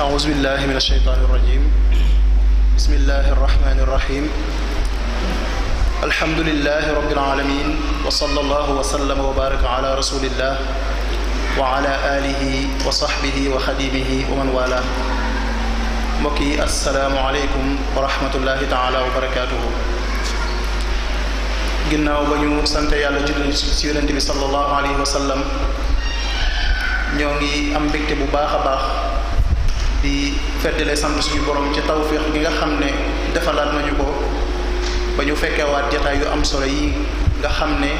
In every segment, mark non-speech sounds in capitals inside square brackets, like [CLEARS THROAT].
أعوذ بالله من الشيطان الرجيم بسم الله الرحمن الرحيم الحمد لله رب العالمين وصلى الله وسلم وبارك على رسول الله وعلى آله وصحبه وخديبه ومن والاه مكي السلام عليكم ورحمة الله تعالى وبركاته قلنا وبنيو سنتي على جل صلى الله عليه وسلم نيوغي أمبكت بباخ باخ di feddale sant suñu borom ci tawféex gi nga xam ne defalaat nañu ko ba ñu fekkee waat jataay yu am solo yi nga xam ne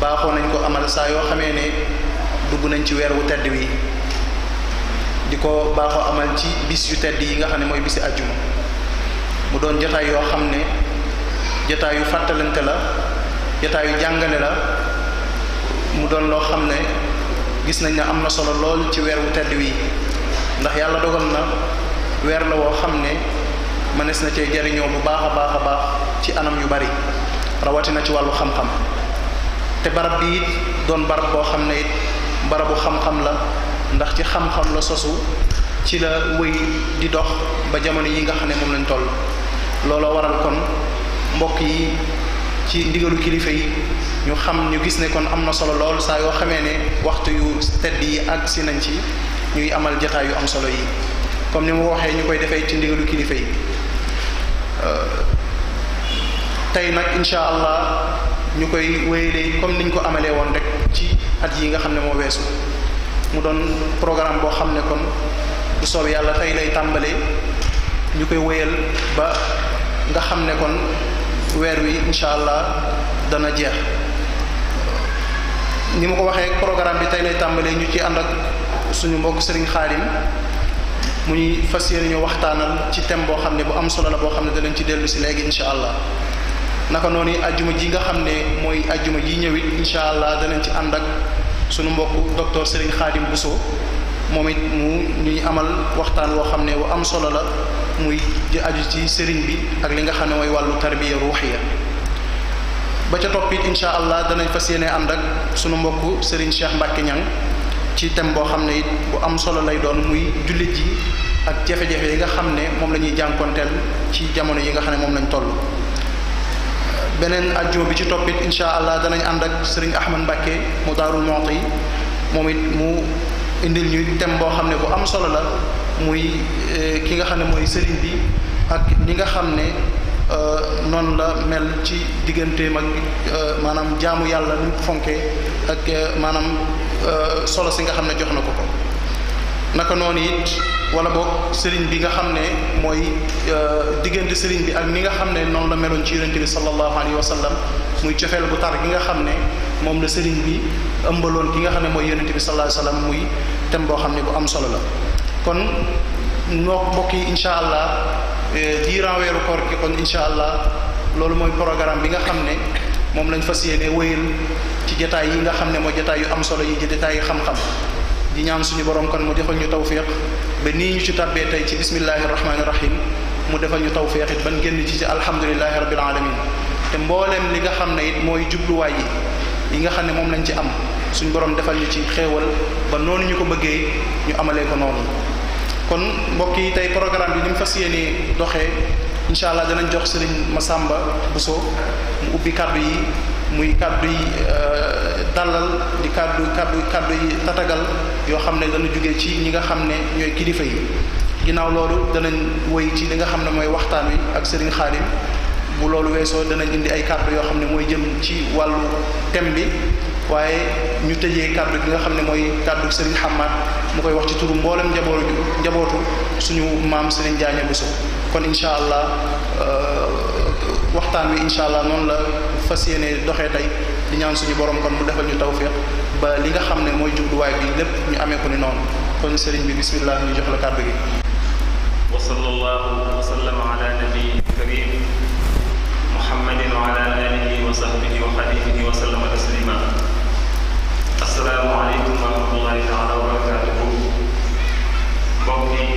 baaxoo nañ ko amal saa yoo xamee ne dugg nañ ci weer wu tedd wi di ko baaxoo amal ci bis yu tedd yi nga xam ne mooy bisi àjjuma mu doon jataay yoo xam ne jataay yu fàttalante la jataay yu jàngale la mu doon loo xam ne gis nañ ne am na solo lool ci weer wu tedd wi ndax yàlla dogal na wer la woo xam ne mënees na cee jariñoo bu baax a baax ci anam yu bari rawatina ci wàllu xam-xam te barab bi it doon barab boo xam ne it barabu xam-xam la ndax ci xam-xam la sosu ci la di dox ba jamono yi nga xam ne lañ toll waral kon mbokk yi ci ndigalu kilifa yi ñu xam ñu gis ne kon amna solo lool sa yo xamee ne waxtu yu tedd yi ci ñuy amal jataay yu am solo yi comme ni ma ko waxee ñu koy defee ci ndigalu kilifa yi euh, tey nag incha allah ñu koy wéyalee comme niñ ko amalee woon rek ci at yi nga xam ne moo weesu mu doon programme boo xam ne kon soob yàlla tey lay tàmbalee ñu koy wéyal ba nga xam ne kon weer wi incha allah dana jeex euh, ni ma ko waxee programme bi tey lay tàmbalee ñu ci ànd ak suñu mbokk Serigne Xaadim mu ñuy fas yéene ñu waxtaanal ci thème boo xam ne bu am solo la boo xam ne danañ ci dellu si léegi incha allah naka noonu ajjuma ji nga xam ne mooy ajjuma ji ñëwit incha allah danañ ci ànd ak suñu mbokk docteur Serigne Xaadim Bousso moom it mu ñuy amal waxtaan woo xam ne am solo la muy di aju ci sëriñ bi ak li nga xam ne mooy wàllu tarbiya ruuxiya ba ca topp it incha allah danañ fas yéene ànd sunu mbokk Serigne Cheikh Mbacke ci thème boo xam ne it bu am solo lay doon muy jullit ji ak jafe-jafe yi nga xam ne moom la ñuy jànkonteel ci jamono yi nga xam ne moom lañ toll beneen ajjuma bi ci toppit incha allah danañ ànd ak sëriñ Ahmad Mbàkke mu daarul Muxti moom it mu indil ñuy thème boo xam ne bu am solo la muy eh, ki nga xam ne mooy sëriñ bi ak ni nga xam ne eh, noonu la mel ci digganteem ak eh, maanaam jaamu yàlla nu ak maanaam Euh, solo si nga xam ne jox na ko ko naka noonu it wala boog sëriñ bi nga xam ne mooy euh, diggante sëriñ bi ak ni nga xam ne noonu la meloon ci yonente bi sallallahu alayhi wa sallam muy cofeel bu tar gi nga xam ne moom la sëriñ bi ëmbaloon ki nga xam ne mooy yonente bi sallallahu alayhi wa sallam muy thème boo xam ne bu am solo la kon noo mbokk yi incha allah euh, diiran weeru koor gi kon incha allah loolu mooy programme bi nga xam ne moom lañ fas yéene wéyal ci jataay yi nga xam ne mooy jataay yu am solo yi ci jataay yu xam-xam di ñaan suñu borom kon mu defal ñu tawféex ba nii ñu ci tàbbee tey ci bismillahi rahmaani rahim mu defal ñu tawféex it ban génn ci ci alhamdulilahi rabbil alamin te mbooleem li nga xam ne it mooy jubluwaay yi nga xam ne moom lañ ci am suñu borom defal ñu ci xéewal ba noonu ñu ko bëggee ñu amalee ko noonu kon mbokk yi tey programme bi ni mu fas yéene doxee incha allah danañ jox Serigne Massamba Bousso mu ubbi kàddu yi muy kàddu yi euh, dalal di kàddu kaddu kàddu yi tatagal yoo xam ne dana jóge ci ñi nga xam ne ñooy kilifa yi ginnaaw loolu danañ woy ci li nga xam ne mooy waxtaan wi ak Serigne Khadim bu loolu weesoo danañ indi ay kaddu yoo xam ne mooy jëm ci wàllu thème bi waaye ñu tëjee kàddu gi nga xam ne mooy kaddu Serigne Hamad mu koy wax ci turu mboolem njabootu njabootu suñu maam Serigne Diagne Bousso kon incha allah euh, waxtaan wi incha allah noonu la fas yéene doxe tey di ñaan suñu borom kon mu defal ñu tawfiq ba li nga xam ne mooy jubluwaay bi lépp ñu amee ko ni noonu kon sëriñ bi bismillah ñu jox la kàddu gi. wa sallallahu wa sallam ala nabiyil karim muhammadin wa ala alihi yi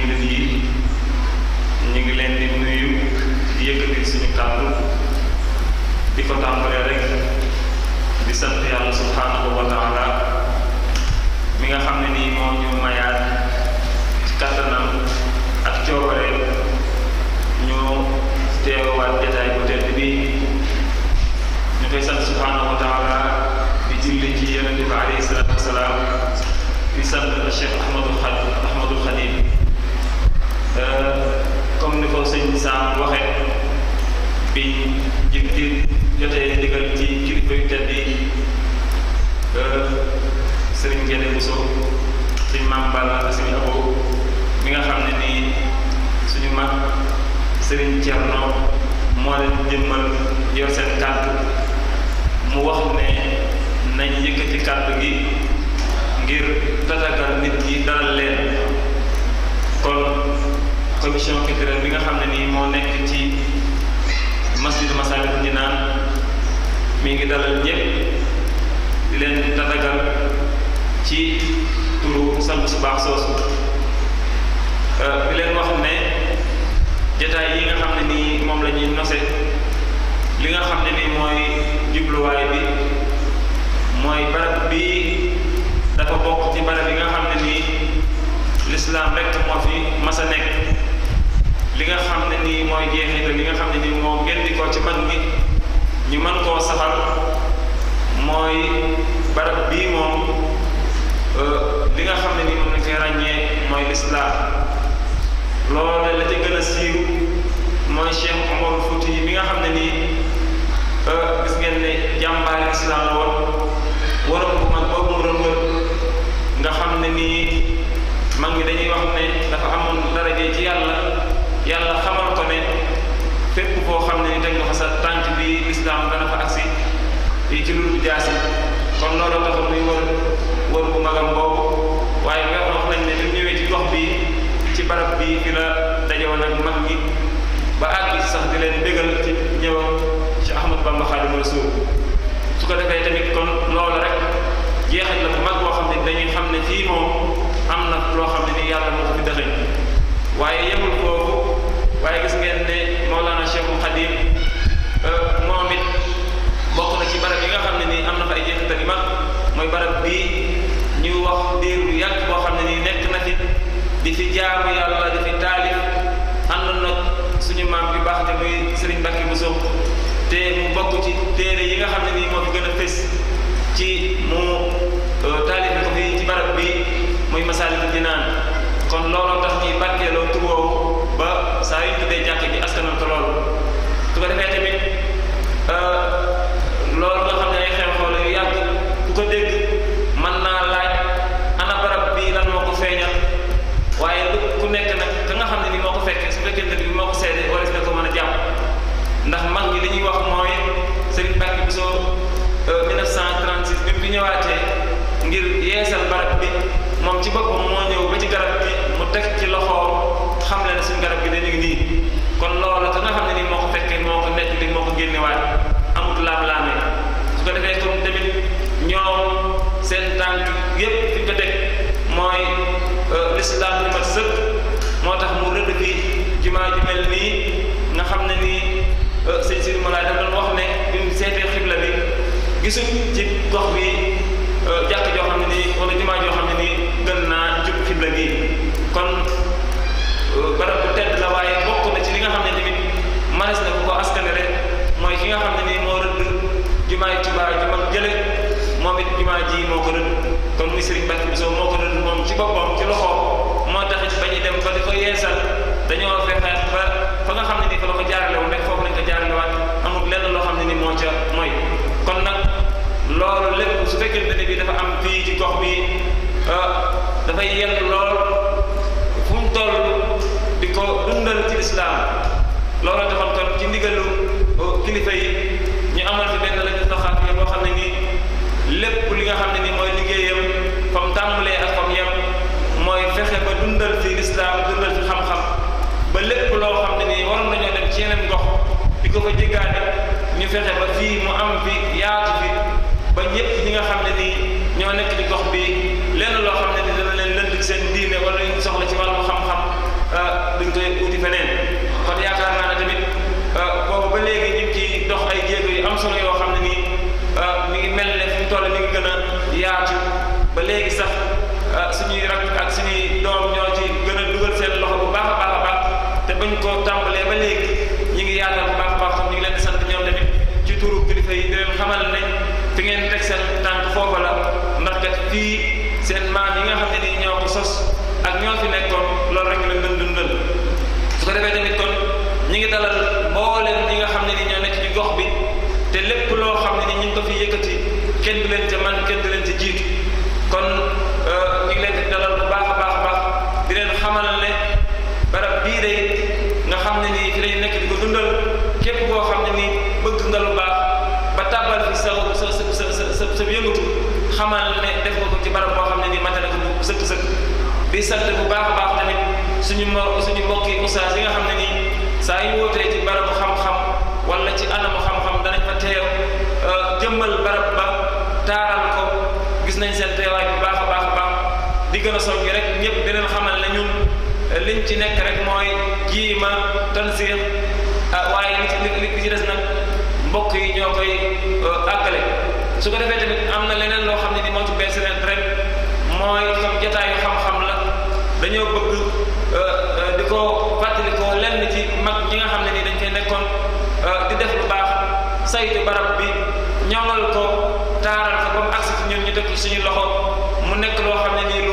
jullit yi ñu ngi leen di nuyu di suñu kàddu di ko tàmbalee rek di sant yàlla subhaanahu wa mi nga xam ne nii moo ñu mayaat ci kàttanam ak coobare ñu teewaat jataay bu ñu koy sant subhaanahu wa taala di julli ci yonente bi alayhi salaatu wasalaam di sant Cheikh Ahmadul Xadim Ahmadul Xadim euh, ni ko sëñ Sam waxee bi ji di jotee ndigal ci kilifa yu tedd yi euh, sëriñ Gede Bousso sëñ Maam Balla ak sëñ Abo nga xam ne nii suñu mag sëriñ Cerno moo leen jëmmal yor seen kàddu mu wax ne nañ yëkkati kàddu gi ngir tatagal nit yi dalal leen commission eh, culturelle bi nga xam ne nii moo nekk ci masjidu Masaalikul Jinaan mi ngi dalal ñëpp di leen tatagal ci turu sant su baax soosu di leen wax ne jataay yi nga xam ne nii moom la li nga xam ne nii mooy jubluwaay bi mooy barab bii dafa bokk ci barab yi nga xam ne nii lislaam rekk moo fi mas a li nga xam ne nii mooy jeexital li nga xam ne nii moo gën di ko ci mag gi ñu mën koo saxal mooy barab bii moom euh, li nga xam ne nii moom lañ koy ràññee mooy lislaam loole la ca siiw mooy Cheikh Omar Fouti bi nga xam ne nii euh, gis ngeen ne jàmbaari lislaam la woon waroon bu mag boobu mu nga xam ne nii mag ñi dañuy wax ne dafa amoon yàlla xamal ko ne fépp koo xam ne ni teg nga fa sa tànk bi lislaam dana fa agsi ci lu jaasi kon loolu taxul muy wër wër bu magam boobu waaye nga wax nañ ne li ñëwee ci gox bi ci barab bi fi la dajewoon ak mag gi ba àgg sax di leen bégal ci ñëwam ci Ahmad Bamba Xaadimu Rasuul su ko defee tamit kon loolu rek jeexal na bu ma boo xam ne dañuy xam ne fii moom am na loo xam ne ni yàlla moo ko waaye gis ngeen ne Maolana Cheikhul Khadim euh, moom it bokk na ci barab yi nga xam ne nii am na fa ay jeexital yu mooy barab bii ñu wax diir bu yàgg boo xam ne nii nekk na fi di fi jaamu yàlla di taalif ànd na suñu maam bi baax te muy Serigne Mbacké Bousso te mu bokk ci téere yi nga xam ne nii moo fi gën a fës ci mu euh, taalif ko fii ci barab bi muy Masaalikul Jinaan kon looloo tax ñuy barkeeloo tuboobu ba saa yu ñu tuddee jàkk ji askanam ko loolu su ko defee tamit euh, loolu nga xam ne ay xew-xew yu yàgg ku ko dégg mën naa laaj ana barab bi lan moo ko feeñal waaye lu ku nekk nag ka nga xam ne ni moo ko fekkee su fekkente ni moo ko seede wala si ne ko mën a jàpp ndax man ñi li ñuy wax mooy Sëriñ Mbàkke Buso 1936 bi mu fi ñëwaatee ngir yeesal barab bi moom ci boppam moo ñëw ba ci garab bi teg ci loxo xam na ne suñu garab gi dañu ngi nii kon loola ka nga xam ne nii moo ko fekkee moo ko nekk li moo ko génnewaat amut laam-laame su ko defee comme tamit ñoom seen tànk yépp fi ko teg mooy euh, lislaam bi mat sëkk moo tax mu rëdd bi jumaa ju mel nga xam ne nii euh, sëñ si mën laa def doon wax ne bi mu seetee xibla bi gisuñ ci gox bi jumaay Tuubaa ji mag jële moom it jumaa ji moo ko rëdd kon muy Sëriñ Mbàkke Bousso moo ko moom ci boppam ci loxoom moo taxit ba ñu dem fa di ko yeesal dañoo fexe ba fa nga xam ne ni fa la ko jaarale woon rek foofu lañ ko jaarale waat amul lenn loo xam ne ni moo ca mooy kon nag loolu lépp su fekkente ne bi dafa am fii ci gox bi euh, dafay yenn lool fu mu di ko dundal ci lislaam looloo taxoon kon ci ndigalu euh, kilifa yi ñu amal lépp li nga xam ne ni mooy liggéeyam fam tàmbalee ak fam yem mooy fexe ba dundal fi lislaam dundal fi xam-xam ba lépp loo xam ne nii waroon nañoo dem ci yeneen gox di ko fa jéggaane ñu fexe ba fii mu am fi yaatu fi ba ñëpp ñi nga xam ne ñoo nekk ci gox bi lenn loo xam ne ni dana leen lënd seen diine wala ñu soxla ci wàllu xam-xam euh, duñ koy uti feneen kon yaakaar naa ne tamit euh, boobu ba léegi ñu ngi dox ay jéego yu am solo yoo xam ne nii euh, mi ngi mel mu toll mi ngi gën a yaatu ba léegi sax ah, suñuy rak ak suñuy doom ñoo ci gën a dugal seen loxo bu baax a baax a baax te bañ koo tàmbalee ba léegi ñi ngi yaatal bu baax a baax ñu ngi leen di sant ñoom ci turu kilifa yi di leen ne fi ngeen teg seen tànk foofa la ndax kat fii seen maam yi nga xam ne nii ñoo sos ak ñoo fi nekkoon loolu rek la gën dundal su ko defee ne kon ñi ngi dalal mbooleem ñi nga xam ne ni ñoo nekk ci gox bi te lépp loo xam ne ni ñu ngi ko fi yëkkati kenn du leen ca man kenn du leen ca jiitu kon euh, ñu ngi leen di dalal bu baax a baax a baax di leen xamal ne barab bii de nga xam ne nii fi lay nekk di dundal képp koo xam ne nii bëgg nga lu baax ba tàbbal fi sa sa sa sa sa ne ko ci barab boo xam ne nii mate na ko bu sëkk sëkk bu baax a baax tamit suñu mo suñu mbokki ustaas yi nga xam ne nii saa yu wootee ci barabu xam-xam wala ci anamu xam-xam danañ fa teew euh, jëmmal barab ba taaral ko gis nañ seen teewaay bu baax a baax a baax di gën a yi rek ñëpp di leen xamal nañu ñun eh, liñ ci nekk rek mooy jiima tansiir ah, waaye li ci li ci des nag mbokk yi ñoo koy eh, àggale su ko defee tamit am na leneen xam ne ni ci bees ren ren mooy xam jataayu xam-xam la dañoo bëgg eh, di ko fàttali ko lenn ci mag ñi nga xam ne ni dañ koy nekkoon di def lu baax saytu barab bi ñoŋal ko. dëkk suñu loxo mu nekk loo xam ne nii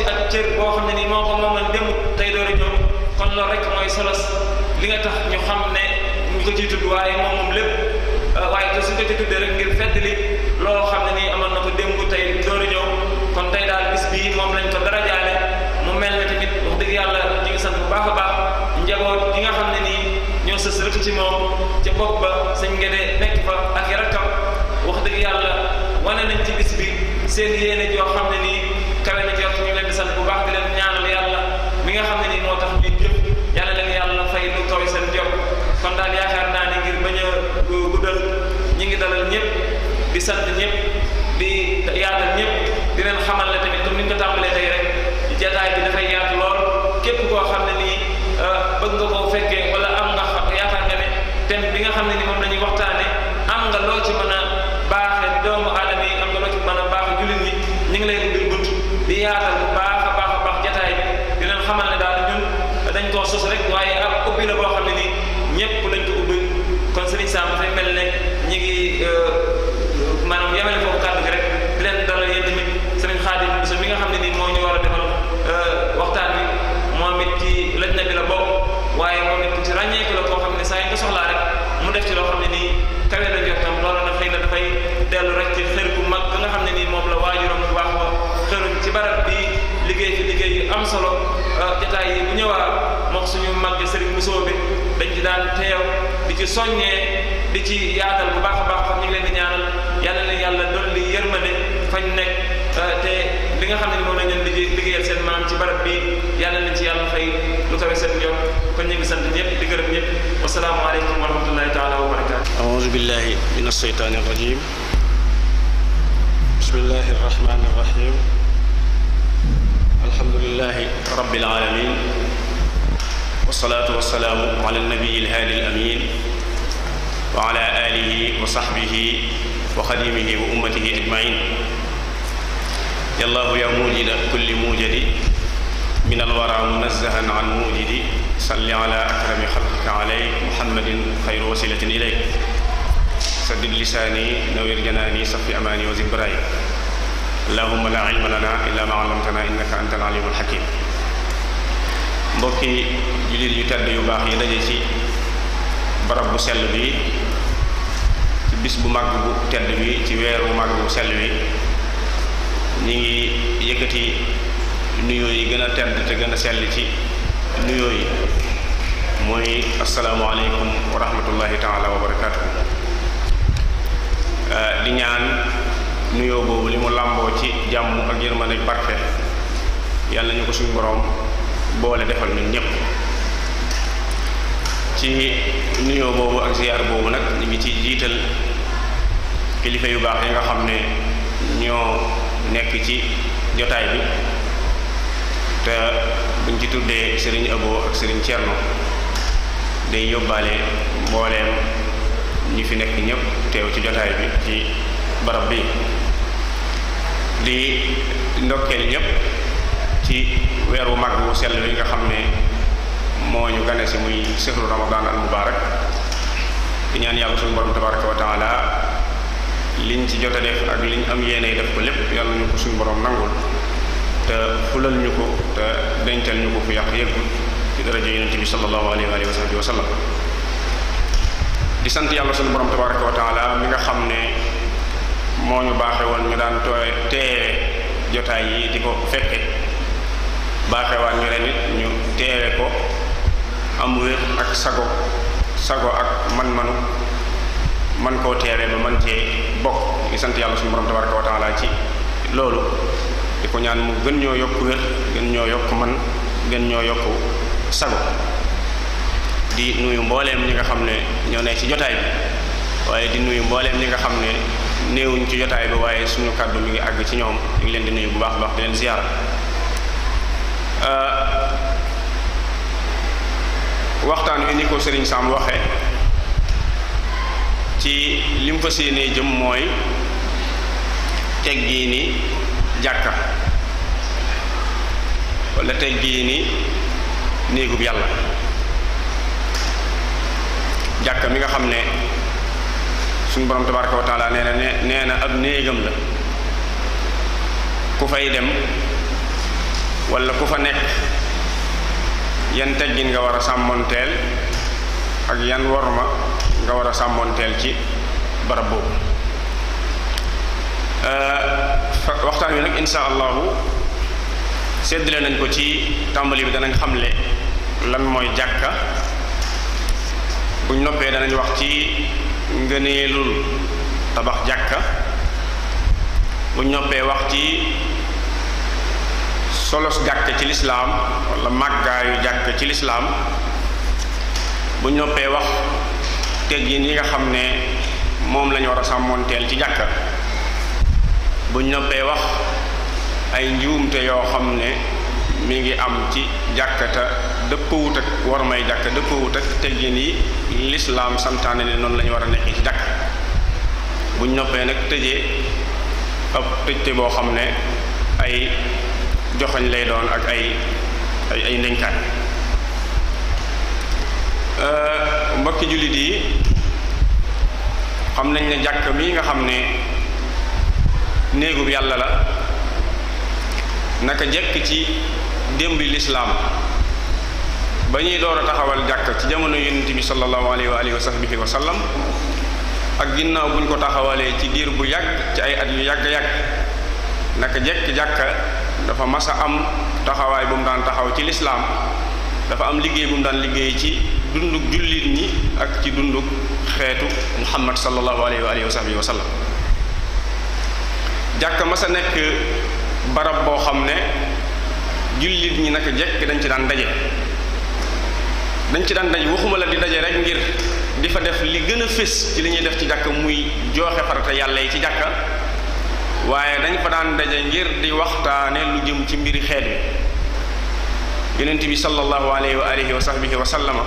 ci ak cër boo xam ne ni moo ko moomal demut tey dooru ñëw kon loolu rek mooy solos li nga tax ñu xam ne ñu ko ciy tudd waaye moom moom lépp euh, waaye te su ko ci tuddee rek ngir fedd li loo xam ne nii amoon na ko démb tey dooru ñëw kon tey daal bi bii moom lañ ko darajaale mu mel ne tamit wax dëgg yàlla ñu ngi sant bu baax a baax njaboot yi nga xam ne nii ñoo sa rek ci moom ca bopp ba sañ ngene nekk fa ak i rakkam wax dëgg yàlla wane nañ ci bis bi seen yéene joo xam ne nii sant bu baax di leen ñaanal yàlla mi nga xam ne tax lii jëf yàlla leen yàlla fay lu tooy seen jom kon daal yaakaar naa ngir bañ a guddal ñi ngi dalal ñëpp di sant ñëpp di yaatal ñëpp di leen xamal la tamit comme ni ko tàmbalee tey rek jataay bi dafay yaatu lool képp koo xam ne nii euh, bëgg nga koo fekkee wala am nga yaakaar nga ne thème bi nga xam ne ni moom am nga loo ci mën a doomu aadama yi am nga loo ci mën a jullit ñi ngi lay bunt di yaatal dañ koo sos rek waaye ak ubbi la boo xam ne nii ñëpp lañ ko ubbi kon sëriñ Sam dafay mel ne ñi ngi euh, maanaam yemale foofu kàddu gi rek di leen dalal yéen tamit sëriñ Xaadim Bousso mi nga xam ne nii moo ñu war a defal euh, waxtaan wi moom it ci laj na bi la bokk waaye moom it ci ràññeeku la koo xam ne saa mu def ci loo xam ne nii kawe na njortam na xëy na dafay rek ci xër nga xam ne nii moom la waajuram bu baax ba ci barab bi liggéey fi liggéey yu am solo euh, jotaay yi bu ñëwaat donc suñu magge serigne musoo bi dañ ci daal teew di ci soññee di ci yaatal bu baax a baax kon ñu leen di ñaanal yàlla na yàlla dolli yërmande fañ nekk te li nga xam ne moom lañ leen liggéeyal seen maam ci barab bi yàlla nañ ci yàlla fay lu kawe seen njom kon ñu ngi sant ñëpp di gërëm ñëpp wasalaamaaleykum wa rahmatullahi taala wa barakaatu a'udhu billahi min alsheytaani arrajim bismillahi arrahmani arrahim alhamdulilahi rabbil alamin والصلاة والسلام على النبي الهادي الأمين وعلى آله وصحبه وخديمه وأمته أجمعين يا الله يا موجد كل موجد من الورى منزها عن موجد صل على أكرم خلقك عليه محمد خير وسيلة إليك سدد لساني نوير جناني صف أماني وزبراي اللهم لا علم لنا إلا ما علمتنا إنك أنت العليم الحكيم mbokki jullit yu tedd yu baax yi daje ci barab bu sell bi ci bis bu màgg bu tedd bi ci weeru bu màgg bu sell bi ñu ngi yëkkati nuyoo yi gën a tedd te gën a sell ci nuyoo yi mooy asalaamaaleykum wa rahmatullahi taala wa barakaatu di ñaan nuyoo boobu li mu làmboo ci jàmm ak yërmande barke yàlla ñu ko suñu borom boole defal ñun ñëpp ci nuyoo boobu ak ziyaar boobu nag ñu ngi ci jiital kilifa yu baax yi nga xam ne ñoo nekk ci jotaay bi te buñ ci tuddee sëriñ Abo ak sëriñ Cerno day yóbbaale mbooleem ñu fi nekk ñëpp teew ci jotaay bi ci barab bi di ndokkeel ñëpp ci weer wu mag wu sell wi nga ñu muy ramadan al mubarak di ñaan yàlla suñu borom tabaraka wa taala liñ ci jota def ak liñ am yéene def ko lépp yàlla ñu ko suñu borom nangul te fulal ñu ko te dencal ñu ko ci bi sallallahu alayhi wa wa sallam di sant yàlla suñu borom tabaraka wa taala mi nga xam ne ñu ñu daan yi di ko baaxewaan ñu leen it ñu teewe ko am wér ak sago sago ak man-manu man koo teewe ba man cee bokk ñu sant yàlla suñu borom tabaraka wa taala ci loolu di ko ñaan mu gën ñoo yokk wér gën ñoo yokk man gën ñoo yokk sago di nuyu mbooleem ñi nga xam ne ñoo ne ci jotaay bi waaye di nuyu mbooleem ñi nga xam ne néewuñ ci jotaay bi waaye suñu kàddu mi ngi àgg ci ñoom ñu ngi leen di nuyu bu baax baax di leen ziyaara Euh, waxtaan wi ni ko Serigne Sam waxee ci li mu fas yéenee jëm mooy teg teggiini jàkka wala teggiini néegub yàlla jàkka mi nga xam ne suñ borom tabaraka wa nee na nee na ab néegam la ku fay dem wala ku fa nekk yan teggin nga war a sàmmonteel ak yan worma nga war a sàmmonteel ci barab boobu waxtaan wi nag insha allahu seddale nañ ko ci tambali bi danañ xamle lan mooy jàkka buñ noppee danañ wax ci ngëneelul tabax jàkka buñ wax ci solos jàkk ci lislaam wala màggaayu jàkk ci lislaam bu noppee wax teggin yi nga xam ne moom lañu war a sàmmoonteel ci jàkk bu noppee wax ay njuumte yoo xam ne mu ngi am ci jàkkata dëppawut ak war may jàkk dëppawut ak teggin yi lislaam santaane ne noonu lañu war a nekkee ci jàkk bu noppee nag tëjee ab tëjte boo xam ne ay joxoñ lay doon ak ay ay ay ndénkaan euh, mbokki jullit yi xam nañ ne jàkk bi nga xam ne néegub yàlla la naka jekk ci démbi lislaam ba ñuy door a taxawal jàkk ci jamono yonent bi sallallahu alayhi wa alihi wa sahbihi wa sallam ak ginnaaw buñ ko taxawalee ci diir bu yàgg ci ay at yu yàgg-yàgg naka jekk jàkka dafa masa am taxawaay bu mu daan taxaw ci lislaam dafa am liggéey bu mu daan liggéey ci dunduk jullit ñi ak ci dunduk xeetu muhammad sallallahu alayhi wa sahbihi wa sallam jàkka mas a nekk barab boo xam ne jullit ñi naka jekk dañ ci daan daje dañ ci daan daj waxuma la di daje rek ngir di fa def li gën a fés ci li ñuy def ci jàkka muy jooxe farata yàlla yi ci jàkka waaye dañ fa daan daje ngir di waxtaane lu jëm ci mbiri xeet wi yonent bi sallallahu alayhi wa alihi wa sahbihi wa sallama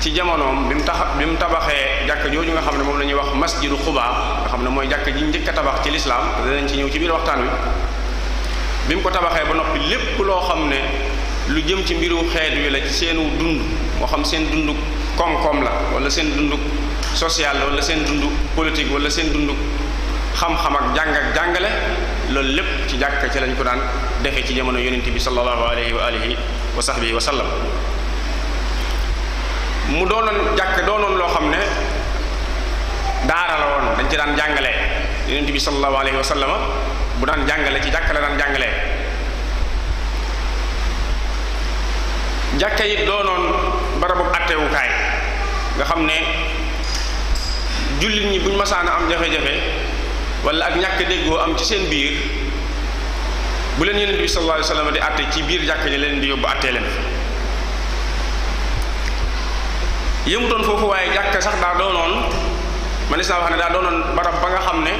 ci jamonoom bi mu tax bi mu tabaxee jàkk jooju nga xam ne moom la ñuy wax masjidu xubaa nga xam ne mooy jàkk ji njëkk a tabax ci lislaam danañ ci ñëw ci biir waxtaan wi bi mu ko tabaxee ba noppi lépp loo xam ne lu jëm ci mbiru xeet wi la ci seenu dund moo xam seen dund koom-koom la wala seen dund social la wala seen dund politique wala seen dund xam-xam ak jàng ak jàngale loolu lépp ci jàkk ci lañ ko daan defe ci jamono yonent bi sallallahu alayhi wa alihi wa sahbihi wa sallam mu doonoon jàkk doonoon loo xam ne daara la woon dañ ci daan jàngale yonent bi sallallahu alayhi wa sallam bu daan jàngale ci jàkka la daan jàngale jàkka yi doonoon barabu attewukaay nga xam ne jullit ñi buñ masaana am jafe-jafe wala ak ñàkk déggoo am ci seen biir bu leen yonent bi sallallahu alayhi wa sallam di àtte ci biir jàkk ñi leen di yóbbu àttee leen yëmutoon foofu waaye jàkk sax daa doonoon manis naa wax ne daa doonoon barab ba nga xam ne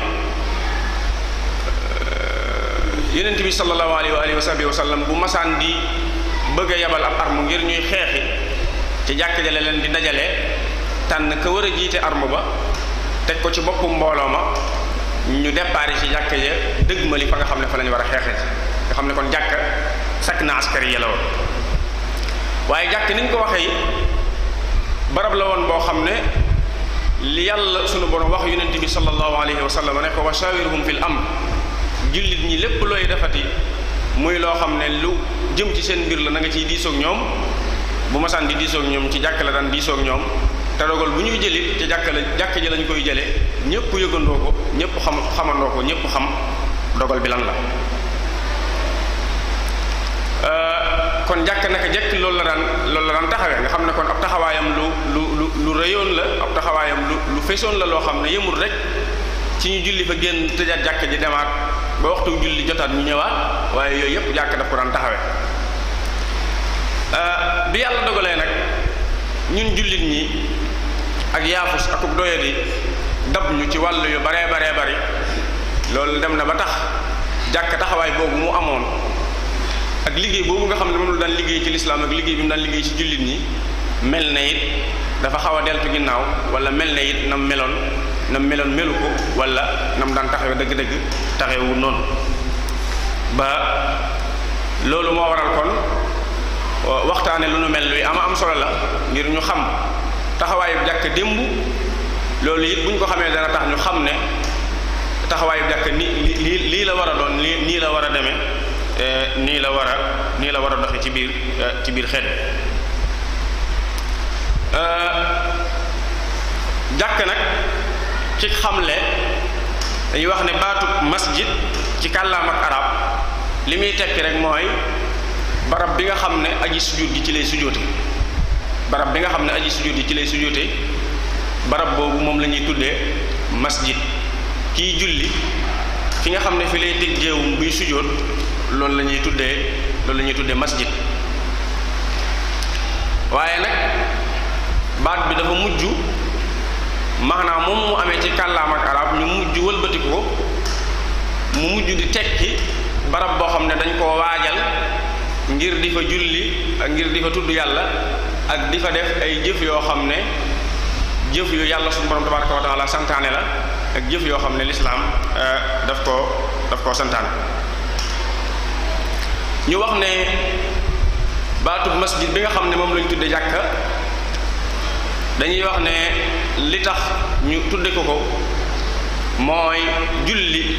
euh, yonent bi sallallahu alayhi wa sallam bu masaan di bëgg a yabal ab arme ngir ñuy xeexi ci jàkk jale leen di dajale tànn ka war a jiite arme ba teg ko ci boppu mbooloo ma ñu déparé ci jàkka ya dëgg ma li fa nga xam ne fa lañ war a xeexee ci nga xam ne kon jàkka sakk na askar ya la woon niñ ko barab la li borom wax bi sallallahu alayhi wasallam, ne ko fil amr jullit ñi lépp looy defati muy loo xam lu jëm ci seen mbir la na nga ciy diisoog ñoom bu ma di ci la te dogal bu ñuy jëlit ca jàkka la jàkka ji lañ koy jëlee ñëpp yëgandoo ko ñëpp xam xamandoo ko ñëpp xam dogal bi lan la euh, kon jàkk naka jekk loolu la daan loolu la daan taxawee nga xam ne kon ab taxawaayam lu lu lu rëyoon la ab taxawaayam lu lu fesoon la loo xam ne yëmul rek ci ñu julli fa génn tëjaat jàkk ji demaat ba waxtu julli jotaat ñu ñëwaat waaye yooyu yëpp jàkk daf ko daan taxawe euh, bi yàlla dogalee nag ñun jullit ñi ak yaafus akuk doyadi dab ñu ci wàll yu baree baree bari loolu dem na ba tax jàkk taxawaay boobu mu amoon ak liggéey boobu nga xam ne moom la daan liggéey ci lislaam ak liggéey bi mu daan liggéey ci jullit ñi mel na it dafa xaw a deltu ginnaaw wala mel na it nam meloon nam meloon melu ko wala nam daan taxawe dëgg-dëgg taxewu noonu ba loolu moo waral kon waxtaane lu nu mel luy ama am solo la ngir ñu xam taxawaayu jàkk démb loolu it bu ñu ko xamee dana tax ñu xam ne taxawaayu jàkk ni lii lii la war a doon nii la war a demee nii la war a nii la war a doxe ci biir eh, ci biir xel eh, jàkk nag ci xamle dañuy wax ne baatu masjid ci kàllaam ak arab li muy tekki rek mooy barab bi nga xam ne aji sujud gi ci lay sujoote barab bi nga xam aji sujud ci lay sujjóote barab boobu moom la masjid ki julli fi nga xam ne fi lay teg jéewum buy sujjóot loolu masjid waaye nag baat bi dafa mujj maanaam moom mu amee ci kàllaam ak arab ñu mujj wëlbati mu mujj di tekki barab boo xam ne dañ koo waajal ngir di fa julli ak ngir di fa tudd yàlla ak di fa def ay jëf yoo xam ne jëf yu yàlla suñu borom tabaraka wa santaane la ak jëf yoo xam ne lislaam euh, daf koo daf koo santaane ñu wax ne baatub masjid bi nga xam ne moom lañu tudde jàkka dañuy wax ne li tax ñu tudde ko ko mooy julli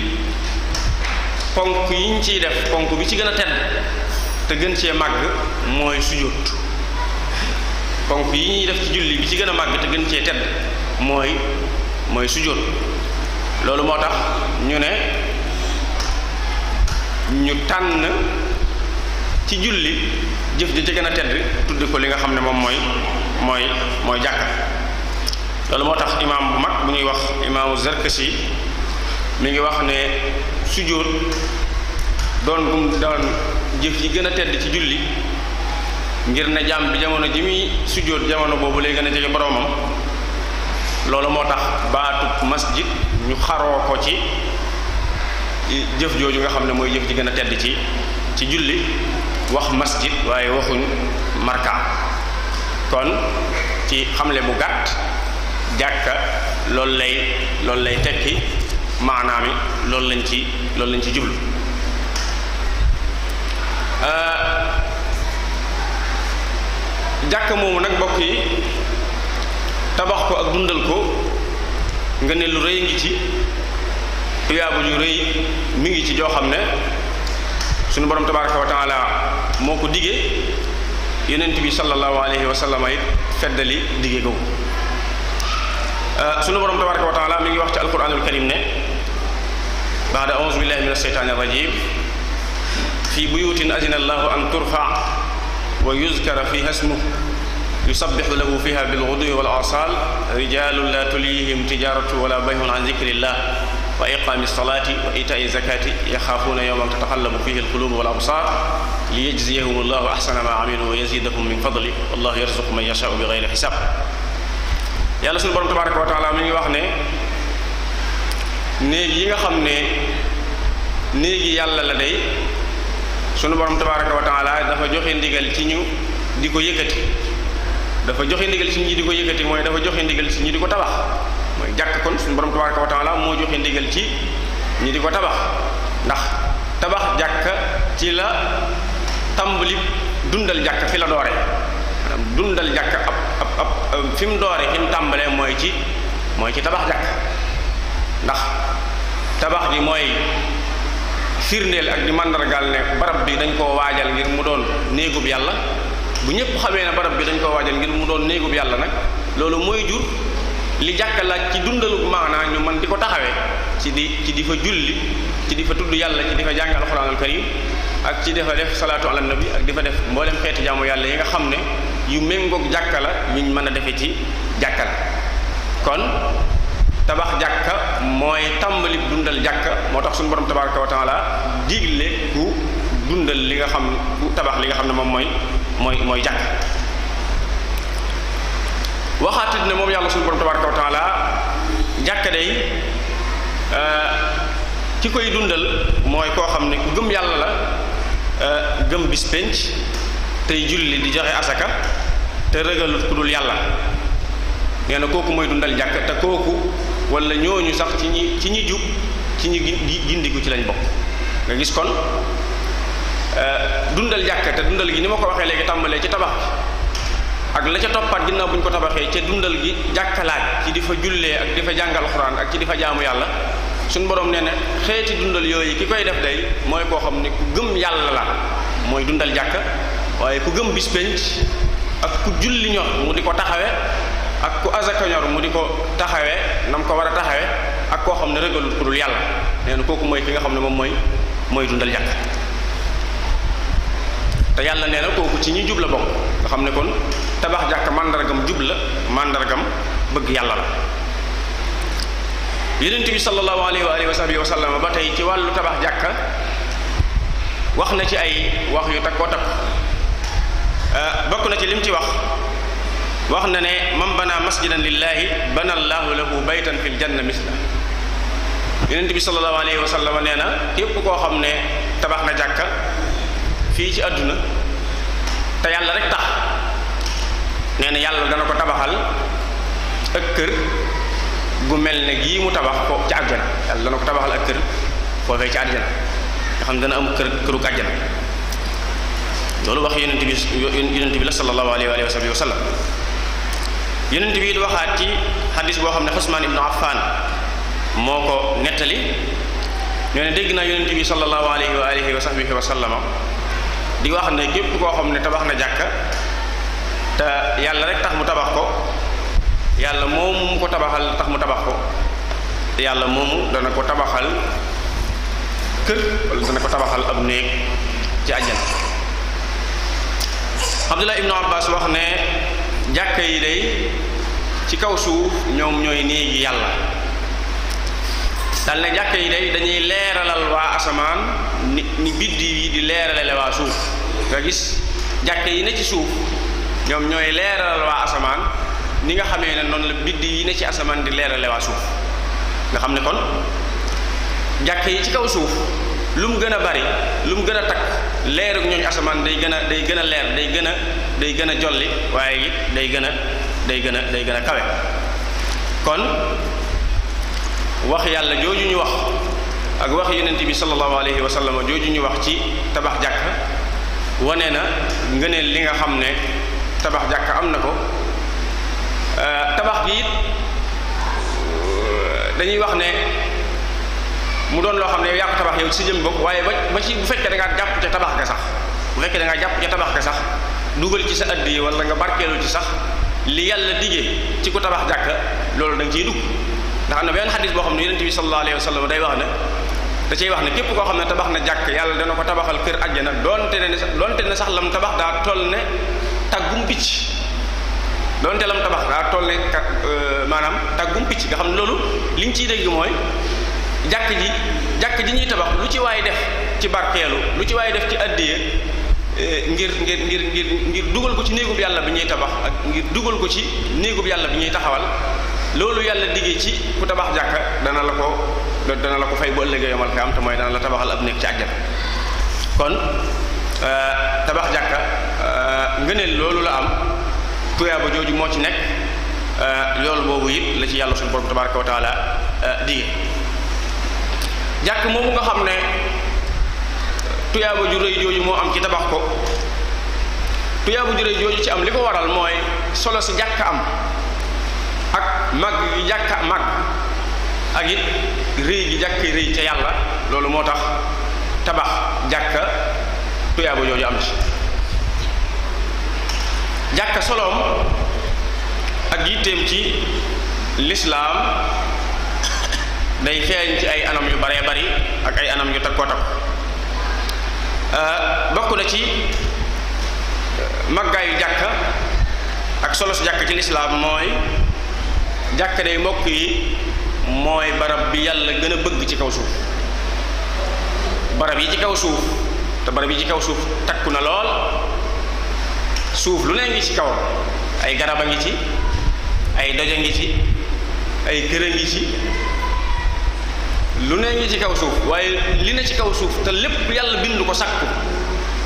ponk yi ñu ciy def ponk bi ci gën a tedd te gën cee màgg mooy sujjóot ponk yi ñuy def ci julli bi ci gën a màgg te gën cee tedd mooy mooy sujjóot loolu moo tax ñu ne ñu tànn ci julli jëf ji ci gën a tedd tudd ko li nga xam ne moom mooy mooy mooy jàkka loolu moo tax imaam bu mag bu ñuy wax imaamu Zarkasi mi ngi wax ne sujjóot doon gum doon jëf yi gën a tedd ci julli ngir ne jaam jamono ji muy sujjóot jamono boobu lay gën a jege boroomam loolu moo tax baatub masjid ñu xaroo ko ci jëf jooju nga xam ne mooy jëf ji gën a tedd ci ci julli wax masjid waaye waxuñu marka kon ci xamle bu gàtt jàkka loolu lay loolu lay tekki maanaam loolu lañ ci loolu lañ ci jublu. Euh, jàkk moomu nag mbokk yi tabax ko ak dundal ko nga ne lu rëy ngi ci tuyaabu ju rëy mi ngi ci joo xam ne suñu borom tabaraka wa taala moo ko digee yonent bi sallallahu alayhi wa sallam it feddali digee ko suñu borom tabaraka wa taala mi ngi wax ci alquranul karim ne baada auzu billahi min asheytaani rajim fii buyutin azina allahu an turfa ويذكر فيها اسمه يسبح له فيها بالغدو والآصال رجال لا تليهم تجارة ولا بيع عن ذكر الله وإقام الصلاة وإيتاء الزكاة يخافون يوما تتقلب فيه القلوب والأبصار ليجزيهم الله أحسن ما عملوا ويزيدهم من فضله والله يرزق من يشاء بغير حساب يا suñu borom تبارك وتعالى من يوحنا نيجي wax ne néeg yi sunu borom tabaraka wa taala dafa joxe ndigal ci ñu di ko yëkkati dafa joxe ndigal ci ñi di ko yëkkati mooy dafa joxe ndigal ci ñi di ko tabax mooy jàkk kon sunu borom tabaraka wa taala moo joxe ndigal ci ñi di ko tabax ndax tabax jàkk ci la tàmbali dundal jàkk fi la doore dundal jàkk ab ab ab fi mu doore fi tàmbalee mooy ci mooy ci tabax jàkk ndax tabax bi mooy firndeel ak di màndargaal ne barab bi dañ koo waajal ngir mu doon néegub yàlla bu ñëpp xamee na barab bi dañ koo waajal ngir mu doon néegub yàlla nag loolu mooy jur li jàkka laaj ci dundalu maanaa ñu man di ko taxawee ci di ci di fa julli ci di fa tudd yàlla ci di fa jàng alxuraanul karim ak ci di fa def salaatu ala nabi ak di fa def mboolem xeeti jaamu yàlla yi nga xam ne yu méngoog jàkka la yuñ mën a defe ci jàkka la kon tabax jàkka mooy tàmbali dundal jàkka moo tax suñu borom tabaraka wa taala digle ku dundal li nga xam ku tabax li nga xam ne moom mooy mooy mooy jàkk waxaatit ne moom yàlla suñu borom tabaraka wa taala jàkka day euh, ki koy dundal mooy koo xam ne ku gëm yàlla la euh, gëm bis tey julli di joxe asaka te rëgalut ku dul yàlla nee na kooku mooy dundal jàkk te kooku wala ñu sax ci ñi ci ñi jub ci ñi gindiku ci lañ bokk nga gis kon euh, dundal jàkka te dundal gi ni ma ko waxee léegi tàmbalee ci tabax ak la ca toppaat ginnaaw bu ñu ko tabaxee ca dundal gi jàkkalaat ci di fa jullee ak di fa jàngal xuraan ak ci di fa jaamu yàlla suñ borom nee na xeeti dundal yooyu ki koy def day mooy koo xam ne ku gëm yàlla la mooy dundal jàkk waaye ku gëm bis penc ak ku julli ñor mu di ko taxawe ak ku azaka ñor mu di ko taxawee nam ko war a taxawee ak koo xam ne rëgalul ku dul yàlla nee kooku mooy ki nga xam ne moom mooy mooy dundal yàq te yàlla nee na kooku ci ñi jub la bokk nga xam ne kon tabax jàkk màndargam jub la màndargam bëgg yàlla la yonent bi sallallahu alayhi wa alihi wa sahbihi wa ba tey ci wàllu tabax jàkka wax na ci ay wax yu takkoo takk eh, bokk na ci lim ci wax wax na ne man bana masjidan lillaahi bana allaahu lahu baytan fil janna misla yonent bi sallallahu alayhi wa sallam nee na képp koo xam ne tabax nga jàkka fii ci àdduna te yàlla rek tax nee na yàlla dana ko tabaxal ak kër gu mel ne gii mu tabax ko ci àjjana yàlla dana ko tabaxal ak kër foofee ci àjjana nga xam dana am kër kërug àjjana loolu wax yonent bi yonent bi la sallallahu alayhi wa sallam yonent bi it waxaat ci xadis boo xam ne Usmaan ibnu Affaan moo ko nettali ñoo ne dégg naa yonent bi sallallahu alayhi wa alihi wa sahbihi wa sallama di wax ne képp koo xam ne tabax na jàkka te yàlla rek tax mu tabax ko yàlla moomu mu ko tabaxal tax mu tabax ko yàlla moomu dana ko tabaxal kër wala dana ko tabaxal ab néeg ci àjjan Abdullah ibnu Abbas wax ne jàkka yi day ci kaw suuf ñoom ñooy néegi yàlla dal ne jàkka yi day dañuy leeralal waa asamaan ni ni biddiw yi di leeralale waa suuf nga gis jàkka yi ne ci suuf ñoom ñooy leeralal waa asamaan ni nga xamee ne noon la biddiw yi ne ci asamaan di leerale waa suuf nga xam ne kon jàkka yi ci kaw suuf lu mu gën a bari lu mu gën a takk leerug ñooñu asamaan day gën a day gën a leer day gën a day gën a jolli waaye it day gën a day gën a day gën a kawe kon wax yàlla jooju ñu wax ak wax yonent bi sallallahu alayhi wa sallam jooju ñu wax ci tabax jàkk wone na ngëneel li nga xam ne tabax jàkk am na ko euh, tabax gi euh, dañuy wax ne mu doon loo xam ne yaa ko tabax yow si jëm bopp waaye ba ba ci bu fekkee da ngaa jàpp ca tabax ga sax bu fekkee da jàpp ca tabax ga sax dugal ci sa addi yi wala nga barkeelu ci sax li yàlla digee ci ku tabax jàkka loolu da ciy dugg ndax am na benn xadis boo xam ne yonent bi sallallahu alayhi wa sallam day wax ne da wax ne képp koo ne tabax na jàkk yàlla dana ko tabaxal kër àjjana doonte ne doonte ne sax lam tabax daa toll ne tàggum picc doonte lam tabax daa toll ne euh, maanaam tàggum picc nga xam ne loolu liñ ciy dégg mooy jàkk ji jàkk ji ñuy tabax lu ci waay def ci barkeelu lu ci waay def ci addiya eh, ngir ngir ngir ngir ngir dugal ko ci néegub yàlla bi ñuy tabax ak dugal ko ci néegub yàlla bi ñuy taxawal loolu yàlla diggee ci ku tabax jàkka dana la ko dana la ko fay bu ëllëgee yomal ka am te mooy dana la tabaxal ab néeg ci àjjana kon eh, tabax jàkka eh, ngëneel loolu la am tuyaaba jooju moo ci nekk yool boobu it la ci yàlla suñu borom tabaraka wa taala diggee jàkk moomu nga xam ne tuyaaba ju rëy jooju moo am ci tabax ko tuyaaba ju rëy jooju ci am li ko waral mooy solo si jàkk am ak mag gi jàkk mag ak it rëy gi jàkk rëy ca yàlla loolu moo tax tabax jàkka tuyaaba jooju am ci jàkka soloom ak yitteem ci lislaam day feeñ ci ay anam yu bare bari ak ay anam yu takko takko eh, bokk na ci eh, màggaayu jàkka ak solo su jàkk ci lislaam mooy jàkk day mbokk yi mooy barab bi yàlla gën a bëgg ci kaw suuf barab yi ci kaw suuf te barab yi ci kaw suuf takku na lool suuf lu ne ci kaw ay garab a ngi ci ay doj a ngi ci ay kër a ci lu ne ngi ci kaw suuf waaye li ne ci kaw suuf te lépp yàlla bindu ko sakku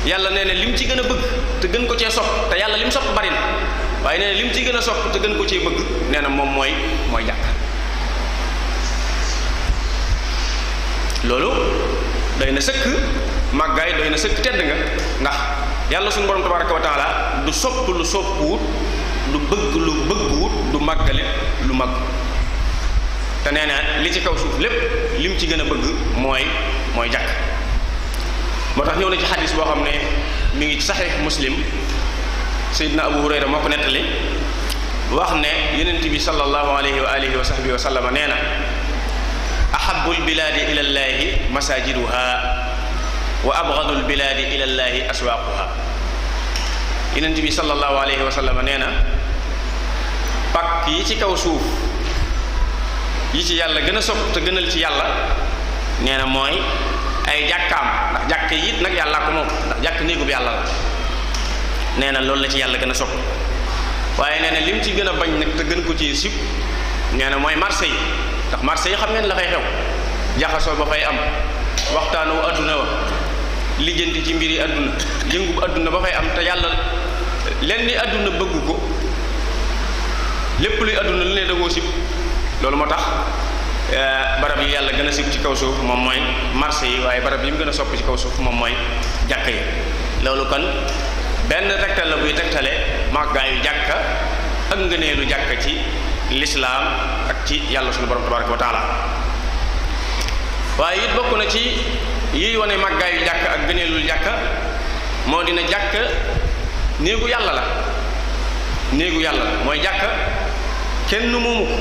yàlla nee na lim ci gën a bëgg te gën ko cee sopp te yàlla lim sopp bari na waaye nee na lim ci gën a sopp te gën ko cee bëgg nee na moom mooy mooy jàkk loolu doy na sëkk màggaay doy na sëkk tedd nga ndax yàlla suñu borom tabaraka wa taala du sopp lu soppuwut du bëgg lu bëgguwut du màggale lu mag te nee li ci kaw suuf lépp lim ci gëna bëgg moy moy jàkk motax ñëw na ci hadith bo xamné mi ngi sahih muslim sayidna abu hurayra moko netali wax ne yonent bi sallallahu alayhi wa alihi wa sahbihi wa sallam nee ahabbu al bilaadi ila llaahi masajiduha wa abghadu al bilaadi ila llaahi aswaquha yonent bi sallallahu alayhi wa sallam nee pak yi ci kaw suuf yi ci yàlla gën a sopp te gënal ci yàlla nee na mooy ay jàkkaam ndax jàkk yi nag yàllaa ko moom ndax jàkk néegub yàlla la nee na loolu la ci yàlla gën a sob waaye nee na lim ci gën a bañ nag te gën ko ci sib nee na mooy marché yi ndax marché yi xam ngeen la fay xew jaxasoo ba fay am waxtaanu adduna wa lijjanti ci mbiri adduna yëngu adduna ba fay am te yàlla lenn ni adduna bëgg ko lépp luy adduna lu ne dagoo sib loolu moo tax eh, barab yi yàlla gën a sikk ci kaw suuf moom mooy marché yi waaye barab yi mu gën a sopp ci kaw suuf moom mooy jàkk yi loolu kon benn tegtal la buy tegtale màggaayu jàkka ak ngëneelu jàkka ci lislaam ak ci yàlla suñu borom tabaraka wa waaye bokk na ci yiy wane màggaayu jàkk ak gëneelul jàkk moo dina jàkk néegu yàlla la néegu yàlla la mooy jàkk kenn moomu ko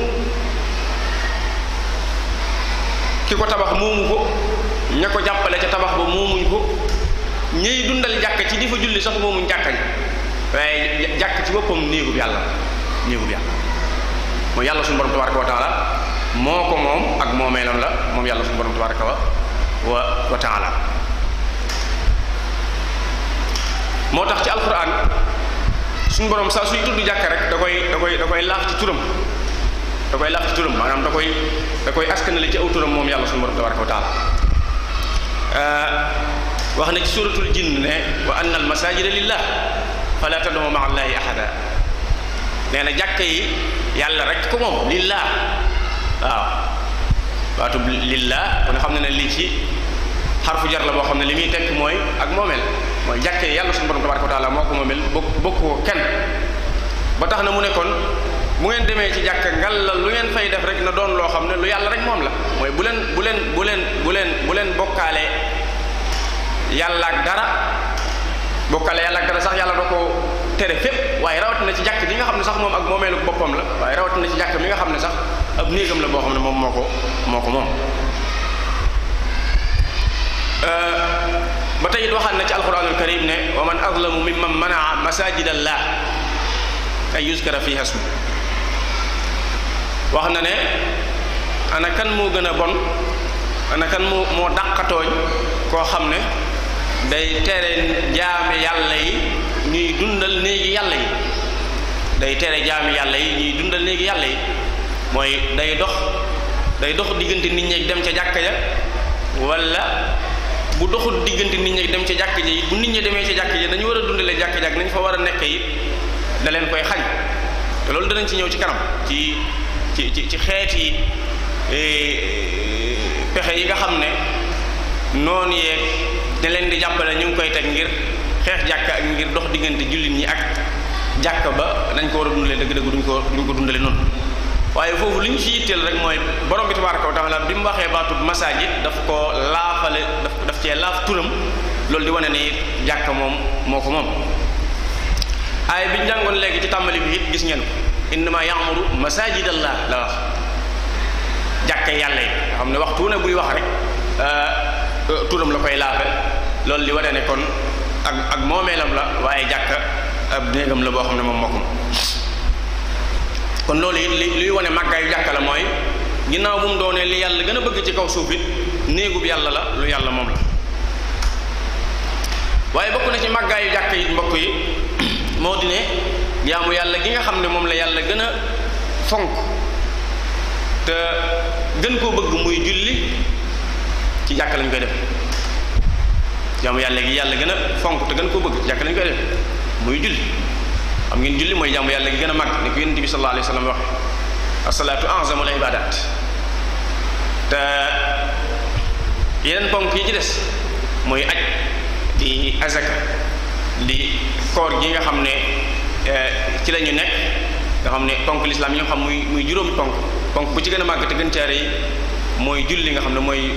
ki ko tabax moomu ko ña ko jàppale ca tabax ba moomuñ ko ñiy dundal jàkk ci di fa julli sax moomuñ jàkka ji waaye jàkk ci boppam néegub yàlla néegub yàlla yàlla suñu borom tabaraka wa moo moom ak moomeelam la moom yàlla suñu borom tabaraka wa wa wa taala moo tax ci alquran suñu borom sax suy tudd jàkk rek da koy da koy da koy laax ci turam da koy làq turam maanaam da koy da koy askanale ci aw turam moom yàlla suñu borom tabaraka wa taala euh, wax na ci suratul jinn ne wa anna al masajida na jàkka rek ko moom lillah waaw waatu lillah kon xam ne ne lii ci xarfu jar la boo xam ne li muy tekk mooy ak moomeel mooy jàkka yi yàlla suñu borom tabaraka wa taala moo ko moomeel bokk bokk ko kenn ba tax na mu ne kon mu ngeen demee ci jàkka la lu ngeen fay def rek na doon loo xam ne lu yàlla rek moom la mooy bu leen bu leen bu leen bu leen bu leen bokkaalee yàlla ak dara bokkaale yàlla ak dara sax yàlla da ko tere fépp waaye na ci jàkk bi nga xam ne sax moom ak moomeelu boppam la waaye na ci jàkk mi nga xam ne sax ab néegam la boo xam ne moom moo ko moo ko moom ba tey it waxaat na ci alquranul karim ne wa man azlamu mimman manaa masajidallah ay yuskara fiha smu wax na ne ana moo gën a bon ana kan moo moo dàqatooñ koo xam ne day tere jaame yàlla ñuy dundal néegi yàlla day tere jaami yàlla yi ñuy dundal néegi yàlla yi mooy day dox day dox diggante nit ñay dem ca jàkka ja wala bu doxul diggante nit ñi dem ca jàkka ja bu nit ñi demee ca jàkka ja dañu war a dundalee jàkka ja nañ fa war a nekk it da leen koy xañ te loolu danañ ci ñëw ci kanam ci ci ci ci xeet yi e, pexe yi nga xam ne noonu yeeg da leen di jàppale ñu ngi koy teg ngir xeex jàkka ak ngir dox diggante jullit ñi ak jàkka ba nañ ko war a dundalee dëgg-dëgg duñ ko duñ dundalee noonu waaye foofu li ñu ci yitteel rek mooy borom bi ko dafa taala bi mu waxee baatu baatub masaajid daf ko laafale daf daf cee laaf turam loolu di wane ne it jàkka moom moo ko moom. aay bi ñu jàngoon léegi ci tàmbali bi it gis ngeen innama yamuru masajidallah la wax jàkka yàlla yi nga xam ne waxtu ne buy wax rek euh, euh, turam la koy laafe loolu li wane ne kon ak ak moomeelam la waaye jàkka ab néegam la boo xam ne moom mokkum kon loolu it li luy wane màggaayu jàkka la mooy ginnaaw bu mu doonee li yàlla gën a bëgg ci kaw suuf it néegub yàlla la lu yàlla moom la waaye bokk na ci màggaayu jàkka yi mbokk yi moo di jaamu yàlla gi nga xam ne moom la yàlla gën a fonk te gën koo bëgg muy julli ci jàkka lañ koy def jaamu yàlla gi yàlla gën a fonk te gën koo bëgg ci jàkka lañ koy def muy julli xam ngeen julli mooy jaamu yàlla gi gën a mag ni ko yonent bi sallallahu alayhi wa sallam waxe asalaatu a'zamul ibadat te yeneen ponk yi ci des mooy aj di azaka di koor gi nga xam ne Eh, ci la ñu nekk nga xam ne ponk lislaam yi nga xam muy muy juróomi ponk ponk bu ci gën a màgg te gën caare yi mooy julli nga xam ne mooy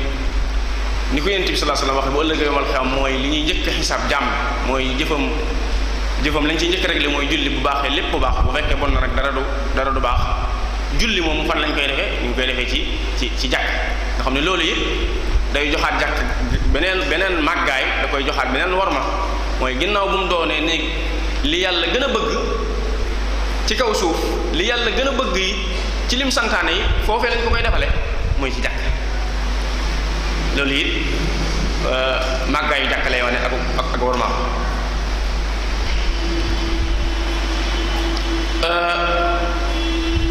ni ko yonent bi sallallahu alayhi wasallam waxe bu ëllëgee yomal xam mooy li ñuy njëkk xisaab jàmm mooy jëfam jëfam lañ ciy njëkk rek li mooy julli bu baaxee lépp bu baax bu fekkee bon na rek dara du dara du baax julli moom fan lañ koy defee ñu ngi koy defee ci ci ci jàkk nga xam ne loolu yëpp day joxaat jàkk beneen beneen màggaay da koy joxaat beneen warma mooy ginnaaw bu mu doonee néeg li yàlla gën a bëgg ci kaw suuf li yàlla gën a bëgg yi ci lim santaane yi foofee lañ ko koy defale mooy ci jàkk loolu it euh, màggaayu jàkk lay wane ak ak euh,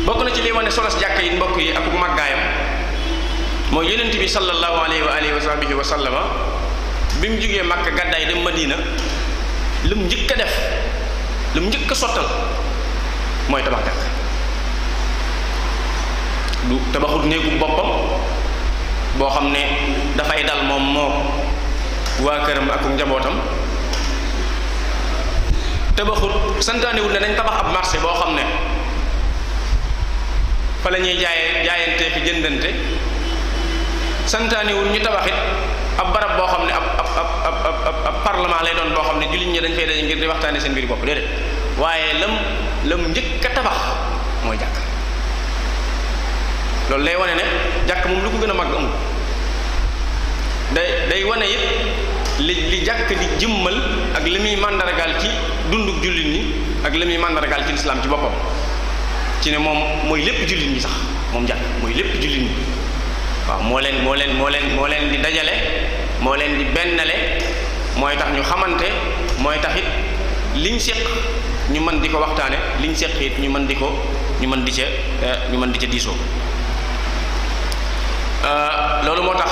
bokk na ci li wane solos jàkk yi mbokk yi ak bu màggaayam mooy yonent bi sallallahu alayhi wa alihi wa sahbihi wa sallama bi mu jógee Makka gàddaay dem Madina lu mu njëkk a def lu mu njëkk a sottal mooy tabax jàkk du tabaxut néegu boppam boo xam ne dafay dal moom moo waa këram ak njabootam tabaxut santaanewul ne dañ tabax ab marché boo xam ne fa la ñuy jaayee jaayante fi jëndante santaanewul ñu tabaxit ab barab boo xam ne ab ab ab ab parlement lay doon boo xam ne jullit ñi dañ fay daje ngir di waxtaane seen mbiri bopp déedéet waaye lam lam njëkk a tabax mooy jàkk loolu day wane ne jàkk moom lu ko gën a màgg amul day day wane it li li jàkk di jëmmal ak li muy màndargaal ci dunduk jullit ñi ak li muy màndargaal ci lislaam ci boppam ci ne moom mooy lépp jullit ñi sax moom jàkk mooy lépp jullit ñi waaw moo leen moo leen moo leen moo leen di dajale moo leen di bennale mooy tax ñu xamante mooy tax it liñ séq ñu mën di ko waxtaane liñ séq ñu mën di ko ñu mën di ca eh, ñu mën di ca diisoo eh, loolu moo tax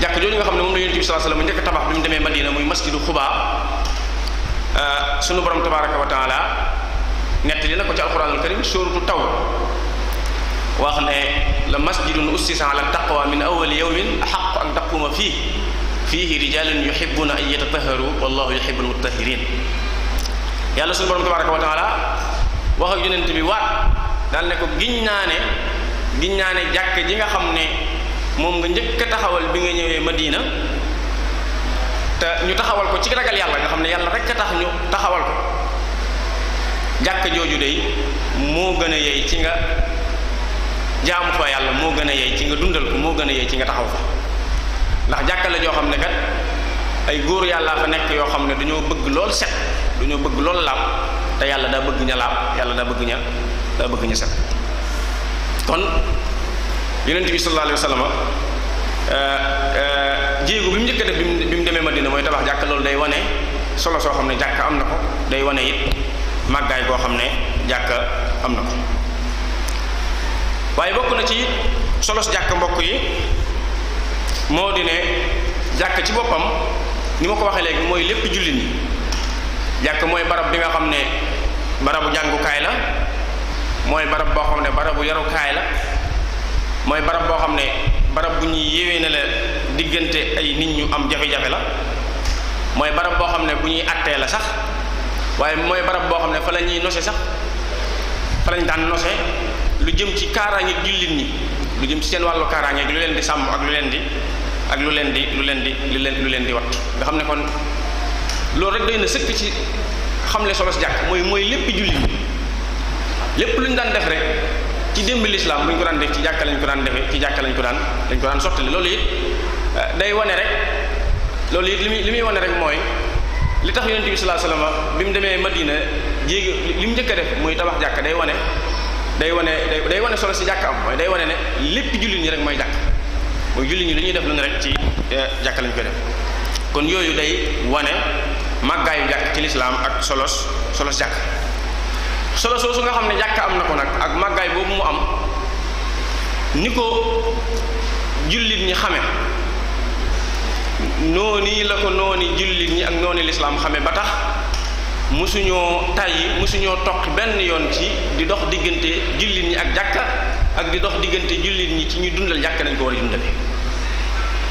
jàkk jooju nga xam ne moom la yonent bi sallallahu alayhi njëkk tabax bi mu demee madina muy masjidu xuba eh, sunu borom tabaraka wa taala nettali na ko ci suratu taw wax ne la masjidun ussisa ala taqwa min awwal yawmin ahaq an taquma fihi fihi rijalun yuhibbuna an yatatahharu wallahu yuhibbul mutahhirin yalla sun borom tabaraka wa taala wax ak yonent bi waat dal ne ko giñ naa ne giñ naa ne jàkk ji nga xam ne moom nga njëkk a taxawal bi nga ñëwee madina te ñu taxawal ko ci ragal yàlla nga xam ne rek a tax ñu taxawal ko jàkk jooju day moo gën yey ci nga jaamu fa yàlla moo gën a yey ci nga dundal ko moo gën a yey ci nga taxaw fa ndax jàkka joo xam ne kat ay góor yàlla fa nekk yoo xam ne dañoo bëgg lool set dañoo bëgg loolu laab te yàlla daa bëgg ña laab yàlla daa bëgg ña daa bëgg set kon yonent bi sallallahu alayhi wa sallam euh, euh, jéego bi mu njëkk a def bi mu demee Madina mooy tabax jàkka loolu day wane solo soo xam ne jàkk am na ko day wane it màggaay boo xam ne jàkk am na ko waaye bokk na ci solos jàkk mbokk yi moo di ne jàkk ci boppam ni ma ko waxee léegi mooy lépp jullit ñi jàkk mooy barab bi nga xam ne barabu jàngukaay la mooy barab boo xam ne barabu yarukaay la mooy barab boo xam ne barab bu ñuy yéwee na la diggante ay nit ñu am jafe-jafe la mooy barab boo xam ne bu ñuy attee la sax waaye mooy barab boo xam ne fa la ñuy nose sax fa lañ daan nose lu jëm ci kaaraange jullit ñi lu jëm ci seen wàllu kaaraange lu leen di sàmm ak lu leen di ak lu leen di lu leen di lu leen lu leen di wattu nga xam ne kon loolu rek doy na sëkk ci xamle solo si jàkk mooy mooy lépp jullit ñi lépp lu ñu daan def rek ci démb lislaam lu ñu ko daan def ci jàkk lañ ko daan defee ci jàkka lañ ko daan lañ ko daan sottali loolu it eh, day wane rek loolu it li muy li muy wane rek mooy li tax yonent bi sallallahu alayhi wasallam bi mu demee Madina jéegi li mu njëkk a def muy tabax jàkka day wane day wane day wane solo si jàkk am mooy day wane ne lépp jullit ñi rek mooy jàkk mooy jullit ñi li ñuy def lu rek ci eh, jàkk lañ koy def kon yooyu day wane màggaayu jàkk ci lislaam ak solos solos jàkk solo su nga xam ne jàkk am na ko nag ak màggaay boobu mu am ni ko jullit ñi xame noonu la ko nooni jullit ñi ak nooni lislaam xame ba tax mosuñoo tàyyi musuñoo toq benn yoon ci di dox diggante jullit ñi ak jàkka ak di dox diggante jullit ñi ci ñuy dundal jàkk nañ ko war a dundale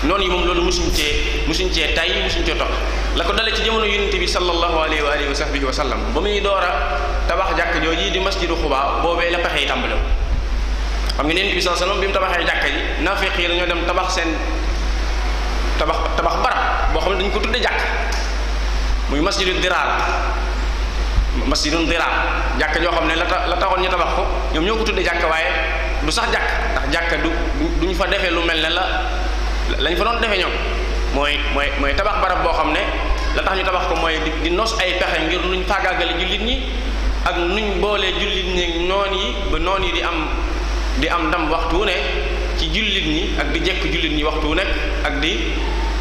noonu yi moom loolu musuñ cee musuñ cee tàyyi musuñ cee toq la ko dale ci jamono yonent bi sallallahu alayhi wa alihi wa sahbihi wa sallam ba muy door a tabax jàkk jooji di masjidu xubaa boobee la pexe yi tàmbale xam nga yonent bi sallallahu alayhi wa sallam bi mu tabaxee jàkka ji naafeq yi dañoo dem tabax seen tabax tabax barab boo xam ne dañ ko tudde jàkk muy masjidu diraar masjidun diraam jàkka joo xam ne la la taxoon ñu tabax ko ñoom ñoo ko tuddee jàkka waaye du sax jàkk ndax jàkka du du ñu fa defee lu mel ne la lañ fa doon defee ñoom mooy mooy mooy tabax barab boo xam ne la tax ñu tabax ko mooy di nos ay pexe ngir nuñ faagaagale jullit ñi ak nuñ boolee jullit ñi noon yi ba noon yi di am di am ndam waxtu wu ne ci jullit ñi ak di jekk jullit ñi waxtu wu ak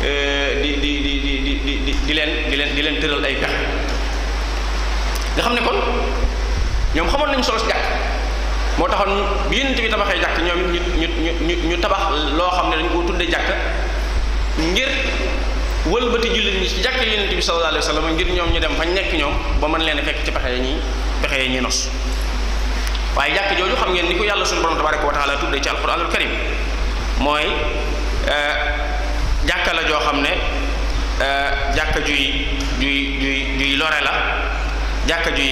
euh, di di di di di di leen di leen di leen tëral ay pexe nga xam ne kon ñoom xamoon nañu solo si jàkk moo taxoon bi yonent bi tabaxee jàkk ñoom ñu ñu ñu ñu tabax loo xam ne dañ koo tuddee jàkk ngir wëlbati jullit ñi si jàkk yonent bi sallallahu alayhi wa sallam ngir ñoom ñu dem fañ nekk ñoom ba mën leen a fekk ci pexe yi ñuy pexe yi ñuy nos waaye jàkk jooju xam ngeen ni ko yàlla suñu borom tabaraka wa taala tuddee ci alquranul karim mooy eh, jàkka la joo xam ne eh, jàkka juy juy juy juy lore la jàkka juy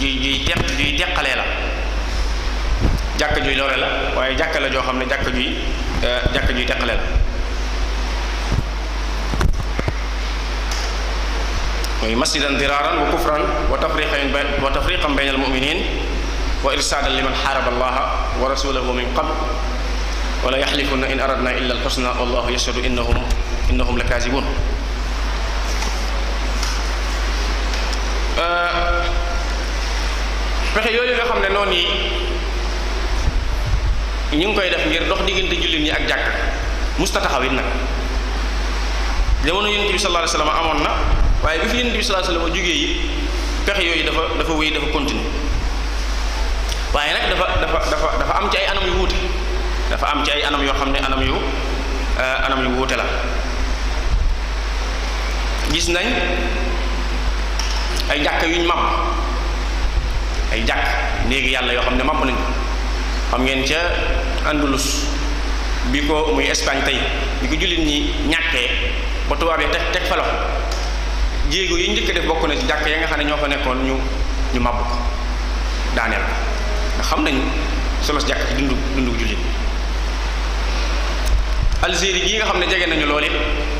juy juy deq juy deqalee la jàkka juy lore la waaye jàkka la joo xam ne jàkka juy jàkka juy deqalee la mooy masjidan diraaran wa kufran wa tafriqan wa tafriqan bayna almuminin wa irsaadan liman xaaraba allaha wa rasulahu min qabl wala yaxlifuna in aradna illa alxusna wallahu yashhadu innahum innahum la kaasibun Euh, pexe yooyu nga xam ne noonu yi ñu ngi koy def ngir dox diggante jullit ñi ak jàkk musta taxawit nag jamono yonent bi sallallahu alayhi wa sallam amoon na waaye bi fi yonent bi sallallahu alayhi wa sallam jógee yi pexe yooyu dafa dafa wéy dafa continuer waaye nag dafa dafa dafa dafa am ci ay anam yu wuute dafa am ci ay anam yoo xam ne anam yu euh, anam yu wuute la gis nañ ay jàkk yuñ màbb ay jàkk néegi yàlla yoo xam ne màbb nañ xam ngeen ca andalus bi ko muy Espagne tey bi ko jullit ñi ñàkkee ba tubaab yi teg teg fa loxo jéego yi njëkk def bokk na ci jàkk yi nga xam ne ñoo ko nekkoon ñu ñu màbb ko daaneel nga xam nañ solo jàkk ci dundu dundu jullit Algérie gi nga xam ne jege nañu lool it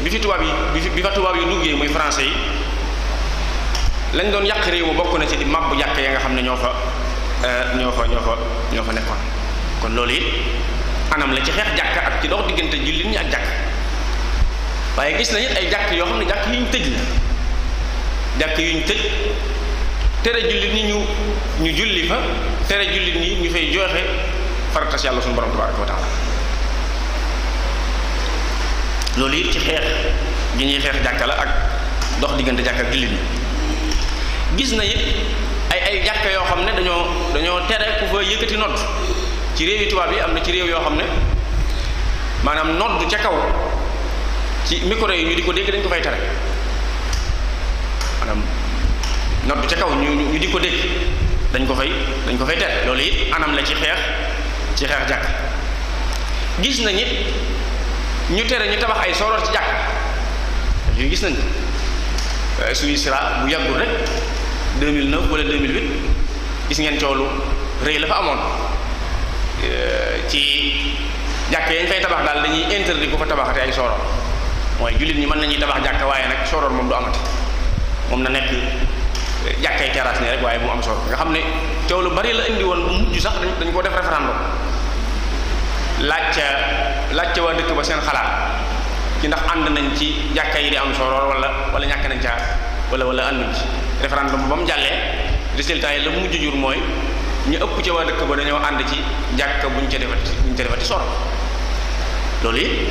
bi fi tubaab yi bi fa tubaab yu duggee muy français yi lañ doon yàq réew ma bokk na ci di màbbu yàq ya nga xam ne ñoo fa euh, ñoo fa ñoo fa ñoo fa nekkoon kon loolu it anam la ci xeex jàkk ak ci dox diggante jullit ñi ak jàkk waaye gis ay jàkk yoo xam ne jàkk yuñ tëj la yuñ tëj tere jullit ñi ñu ñu julli fa tere jullit ñi ñu fay joxe faratas yàlla suñu borom tabaraka wa taala loolu it ci xeex gi ñuy xeex jàkka la ak dox diggante jàkk ak jullit ñi gis na yit ay ay jàkka yoo xam ne dañoo dañoo tere ku fa yëkkati nodd ci réewi tubaab yi am na ci réew yoo xam ne maanaam nodd ca kaw ci micro yi ñu di ko dégg dañ ko fay tere maanaam nodd ca kaw ñu ñu di ko dégg dañ ko fay dañ ko fay tere loolu it anam la ci xeex ci xeex jàkk gis na it ñu tere ñu tabax ay sooroor ci jàkk yu gis nañ suñu sira bu yàggul rek 2009 wala 2008 gis ngeen coow lu rëy la fa amoon euh, ci jàkk yañ fay tabax daal dañuy interdit ku fa tabaxate ay sooroor mooy jullit ñi mën nañuy tabax jàkk waaye nag sooroor moom du amati moom na nekk euh, jàkkay terrasse nii rek waaye bu am sooroor nga xam ne coow lu bari la indi woon bu mujj sax dañ dañ koo def référendum laaj laajte waa dëkk ba seen xalaat ci ndax ànd nañ ci jàkka yi di am sooroor wala wala ñàkk nañ caa wala wala ànduñ référendum ba mu jàllee résultat yi la mu mujj jur mooy ñu ëpp ca waa dëkk ba dañoo ànd ci jàkka buñ ca defati buñ ca defati soro loolu it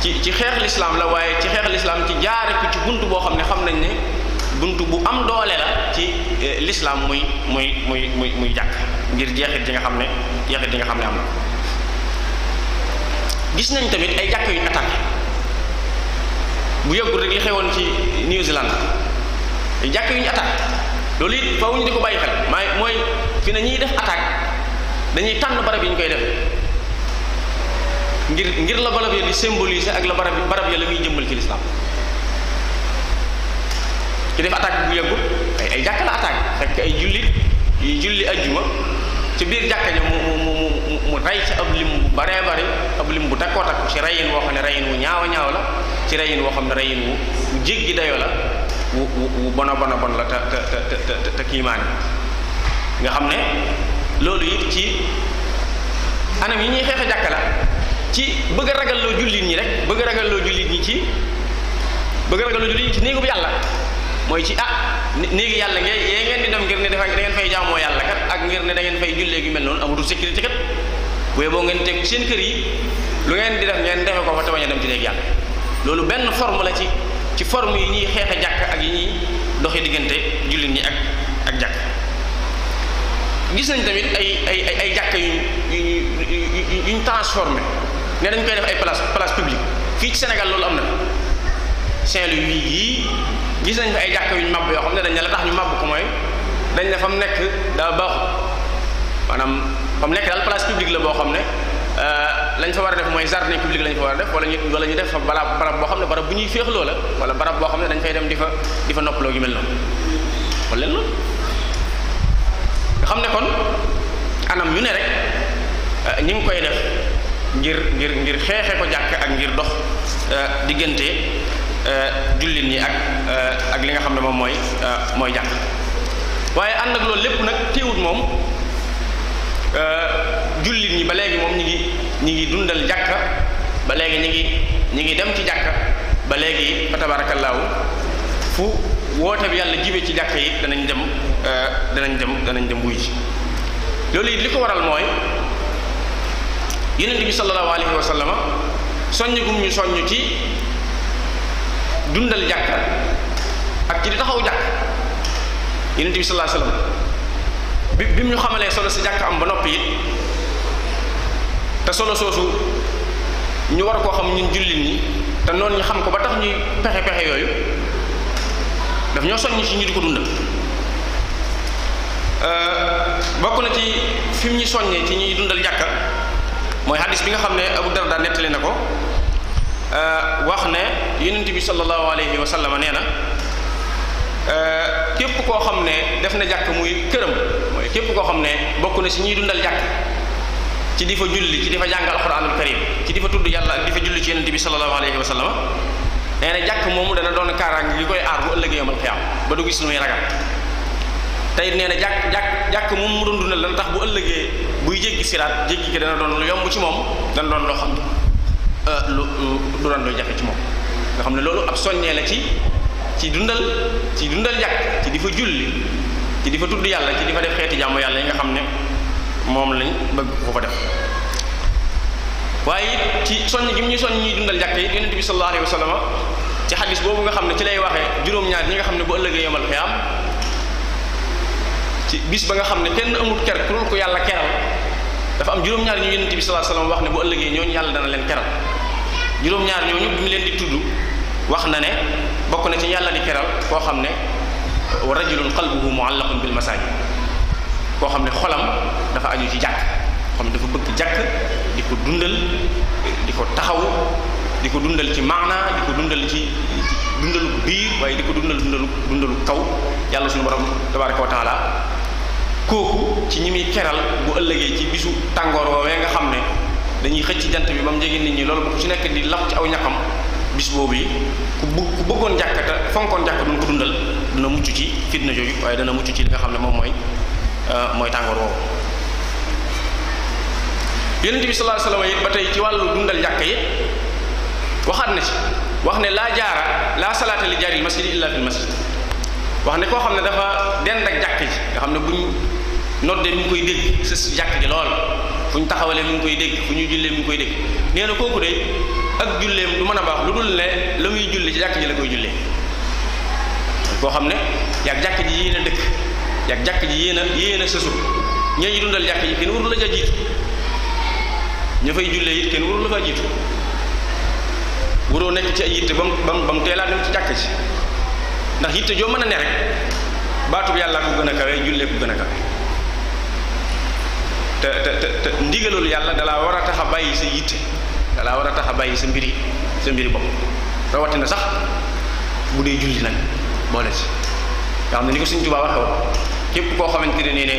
ci ci xeex lislaam la waaye ci xeex lislaam ci jaare ko ci bunt boo xam ne xam nañ ne bunt bu am doole la ci eh, lislaam muy muy muy muy muy jàkk ngir jeexit ji nga xam ne jeexit ji nga xam ne am na gis nañ tamit ay jàkk yu ñu bu yëgul rek li xewoon ci New Zealand jàkk yu ñu attaque loolu it faaw ñu di ko bàyyi xel maay mooy fi ne ñiy def attaque dañuy tànn barab yi ñu koy def ngir ngir la barab ya di symboliser eh, ak la barab barab ya la muy jëmbal ci lislaam ci def attaque bu yàggut ay ay jàkk la attaque fekk ay julli yu julli ajjuma eh. ci biir jàkka ja mu mu mu mu rey ci ab lim bu baree bari ab lim bu takkoo takku ci reyin woo xam ne reyin wu ñaawa ñaaw la ci reyin woo xam ne reyin wu jéggi dayo la wu wu bona bona bon la te te te te kiimaan nga xam ne loolu it ci anam yi ñuy xeexe jàkka la ci bëgg a loo jullit ñi rek bëgg a ragalloo jullit ñi ci bëgg a ragalloo jullit ñi ci néegub yàlla mooy ci ah néegi yàlla ngeen yee ngeen di dem ngir ne dafa da ngeen fay jaamoo yàlla kat ak ngir ne da ngeen fay jullee gi mel noonu amatul sécurité kat bu boo seen kër yi lu ngeen di def ngeen defe ko fa te bañ a dem ci yàlla loolu benn forme la ci ci forme yi ñuy xeexe jàkk ak yi ñuy doxi diggante jullit ñi ak ak jàkk gis nañ tamit ay ay ay jàkk yu yu yu ñu transformé ne dañ koy def ay place place publique fii ci Sénégal loolu am na Saint-Louis yii gis nañ fa ay jàkk yu ñu màbb yoo xam ne dañ ne la tax ñu màbb ko mooy dañ ne fa mu nekk daa maanaam fa mu nekk daal place publique la boo xam ne euh, lañ fa war a def mooy jardin public lañ fa war a def wala ñu wala ñu def fa balaa barab boo xam ne barab bu ñuy féexloo la wala barab boo xam ne dañ fay dem di fa di fa noppaloo gi mel noonu wala leen loolu xam ne kon anam ñu ne rek euh, ñi ngi koy def ngir ngir ngir xeexe ko jàkk ak ngir dox euh, diggante euh, jullit yi ak ak li nga xam ne moom mooy mooy jàkk waaye ànd ak loolu lépp nag téewut moom Euh, jullit ñi ba léegi moom ñi ngi ñi ngi dundal jàkka ba léegi ñi ngi ñi ngi dem ci jàkka ba léegi fa tabaarakallaahu fu woote bi yàlla jibe ci jàkka yi danañ dem euh, danañ dem danañ dem wuy ci loolu it li ko waral mooy yonent bi sallallahu alayhi wa soññ gum ñu soññ ci dundal jàkka ak ci di taxaw jàkk yonent bi sallallahu alayhi bi bi mu ñu xamalee solo si jàkk am ba noppi it te solo soosu ñu war koo xam ñun julli ñi te noonu ñu xam ko ba tax ñuy pexe pexe yooyu daf ñoo soññ ci ñu di ko dundal euh, bokk na ci fi mu ñu soññee ci ñuy dundal jàkka mooy hadis bi nga xam ne Abu Darda nettali na ko euh, wax ne yonent bi sallallahu alayhi wa sallam nee na. Euh, képp koo xam ne def na jàkk muy këram mooy képp koo xam ne bokk na si ñuy dundal jàkk ci di fa julli ci di fa jàngal alxuraanul karim ci di fa tudd yàlla ak di fa julli ci yonent bi sallallahu alayhi wa sallam nee na dana doon kaaraange li koy aar bu ëllëgee yomal xiyaam ba du gis lu muy tey nee na jàkk jàkk jàkk moom mu doon dundal dana tax bu ëllëgee buy jékki siraat jéggi ki dana doon lu yomb ci moom dana doon loo xam euh, lu du doon lu jafe ci moom nga xam ne loolu ab soññee la ci ci dundal ci dundal jak ci di julli ci di fa tudd yàlla ci di fa def xeeti jàmm yàlla yi nga xam ne moom lañ bëgg ko fa def waaye it ci soññ gi mu ñu soññ ñuy dundal jàkk yi yonente bi sallallahu alayhi wa ci xadis boobu nga xam ci lay waxee juróom-ñaar ñi nga xam bu ëllëgee yemal xiyaam ci bis ba nga xam ne kenn amut ker ku ko yàlla keral dafa am juróom-ñaar ñu yonente bi sallallahu alayhi wa sallam wax ne bu ëllëgee ñooñu yàlla dana leen keral juróom-ñaar ñooñu bi mu leen di tudd wax na ne bokku na ci yàlla di keral ko xamne wa rajulun qalbuhu muallaqun bil masajid ko xamne xolam dafa aju ci jàkk xam dafa bëgg jàkk diko dundal diko taxaw diko dundal ci maana diko dundal ci dundal biir waaye di ko dundal dundal dundalu kaw yàlla suñu borom tabaraka wa taala kooku ci ñi muy keral bu ëllëgé ci bisu tàngoor woowee nga xamne dañuy xëc ci jant bi bam jege nit ñi loolu bu ci nekk di lapp ci aw ñakam bis boobu yi ku ku bëggoon jàkkata fonkoon jàkk duñ ko dundal dana mucc ci fitna jooju waaye dana mucc ci li nga xam ne moom mooy euh, mooy tàngoor woowu yonent bi sallallahu alayhi ci wàllu dundal jàkk yi waxaat na ci wax ne laa jaara laa salaata li jaaril masjid illa fil masjid wax ne koo xam ne dafa dend ak jàkk ji xam ne buñ noddee mi koy dégg sës jàkk ji lool fu ñu taxawalee mi ngi koy dégg fu ñu jullee mi ngi koy dégg nee kooku de ak julleem lu mën a baax lu dul ne la muy julli ci jàkk ji la koy jullee koo xam ne yaag jàkk ji yéen a dëkk yaag jàkk ji yéen a yéen a sësu ñee ñi dundal ji kenn warul la ca jiitu ña kenn warul la faa jiitu nekk ci ay yitte ba mu ba mu ba mu dem ci jàkk ji ndax yitte joo mën a ne rek baatub yàlla ko gën a kawe jullee ko gën a kawe te te te ndigalul yàlla dalaa war a tax a bàyyi sa yitte dalaa war a tax a bàyyi sa mbiri sa mbiri bopp rawatina sax bu dee julli nag boole si nga xam ne ni ko Sëriñ Tuubaa képp koo xamante ne nii ne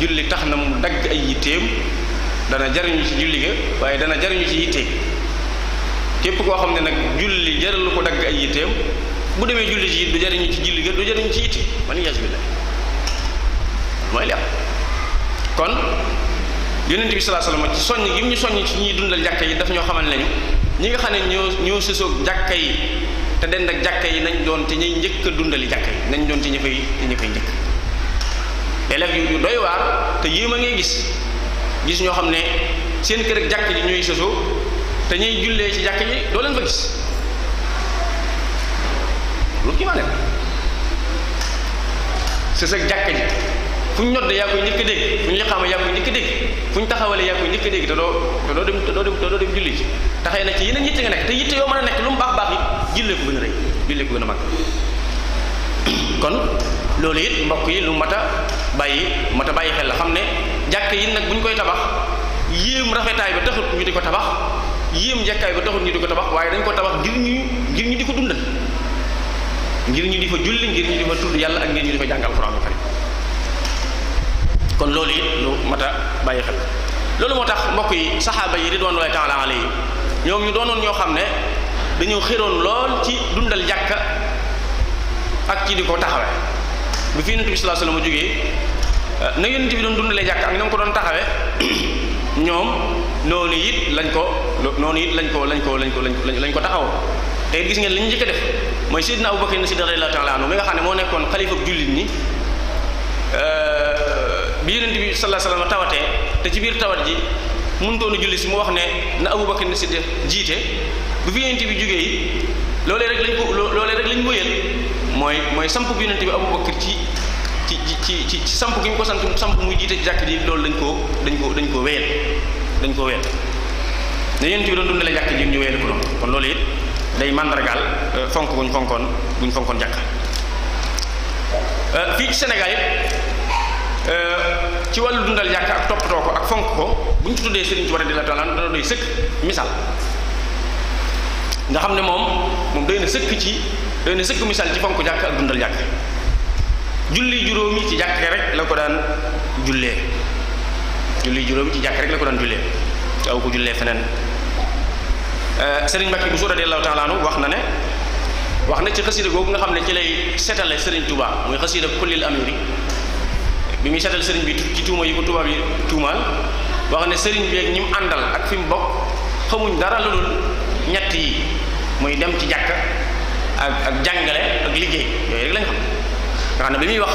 julli tax na mu dagg ay yitteem dana jariñu ci julli ga waaye dana jariñu ci yittee képp koo xam ne nag julli jaralu ko dagg ay yitteem bu demee julli ci it du jariñu ci julli ga du jariñu ci yitte man yaas bi la mooy lépp kon yonent bi sallallahu alayhi wasallam ci soññ yi mu ñu soññ ci ñuy dundal jàkka yi daf ñoo xamal nañu ñi nga xam ne ñoo ñoo sësoog jàkka yi te dend ak jàkka yi nañ doon te ñuy njëkk a dundali jàkka yi nañ doon ci ñu koy ñu koy njëkk élèves yu doy waar te yéem a ngay gis gis ñoo xam ne seen kër ak jàkk ji ñooy sësoo te ñuy jullee ci jàkk ji doo leen fa gis lu kii maa ne sës jàkk ji fu ñu nodd yaa koy njëkk a dégg fu ñu liqaama yaa koy njëkk a ñu taxawalee yaa koy njëkk a dégg te doo te doo dem te doo dem te dem julli ci te xëy na ci yeneen yitte nga nekk te yitte yoo mën a nekk lu mu baax baax it jullee ko gën a rëy jullee ko gën a mag [COUGHS] kon loolu it mbokk yi lu mat a bàyyi mat a bàyyi xel la xam ne jàkk yi nag bu ñu koy tabax yéem rafetaay ba taxut ñu di ko tabax yéem jàkkaay ba taxut ñu di ko tabax waaye dañ ko tabax ngir ñu ngir ñu di ko dundal ngir ñu di fa julli ngir ñu di fa kon loolu it lu mat bàyyi xel loolu moo tax mbokk yi saxaaba yi ridwanullahi taala alayhi ñoom ñu doonoon ñoo xam ne dañoo xéroon lool ci dundal jàkk ak ci di ko taxawe bi fi yonent bi sallallahu alayhi wasallam jógee na yonent bi doon dundalee jàkka ak na mu ko doon taxawe [CLEARS THROAT] ñoom noonu it lañ ko noonu it lañ ko lañ ko lañ ko lañ ko taxaw te gis ngeen li ñu njëkk a def mooy Seydina Abubakar na Seydina radiyallahu taala anhu mi nga xam ne moo nekkoon xalifa jullit ñi euh, bi yonent bi sallallahu alayhi wasallam tawatee te ci biir tawat ji mun doon julli si mu wax ne na Abubakar ni Siddiq jiite bu fi yonent bi jógee yi loolee lañ ko mooy mooy samp bi yonent bi Abubakar ci ci ci ci ci gi ko sant samp muy jiite jàkk ji loolu dañ koo dañ ko dañ koo wéyal dañ koo wéyal ne yonent bi doon dundale jàkk ji ñu wéyal ko doon kon loolu it day màndargaal euh, fonk guñ fonkoon guñ fonkoon jàkk euh, fii ci Sénégal it Euh, ci wàllu dundal jàkk ak toppatoo ko ak fonk ko bu ñu ci tuddee Sëriñ Tuubaa radiyallaahu taala dana doy sëkk nga xam ne moom moom doy ci doy na sëkk misaal ci fonk jàkk ak dundal jàkk julli juróomi ci jàkk rek la ko daan jullee julli juróomi ci jàkk rek la ko daan jullee aw ko jullee feneen euh, Sëriñ Mbàkke Buso radiyallaahu taala anhu wax na ne wax na ci xasida googu nga xam ne ci lay setale Sëriñ tubaa mooy xasida kullil amiri bi muy setal sëriñ bi ci tuuma yi ko tubaab yi tuumaal wax ne sëriñ bi ak ñi mu àndal ak fi mu bokk xamuñ dara lu dul ñett yi muy dem ci jàkk ak ak jàngale ak liggéey yooyu rek lañ xam nga xam ne bi muy wax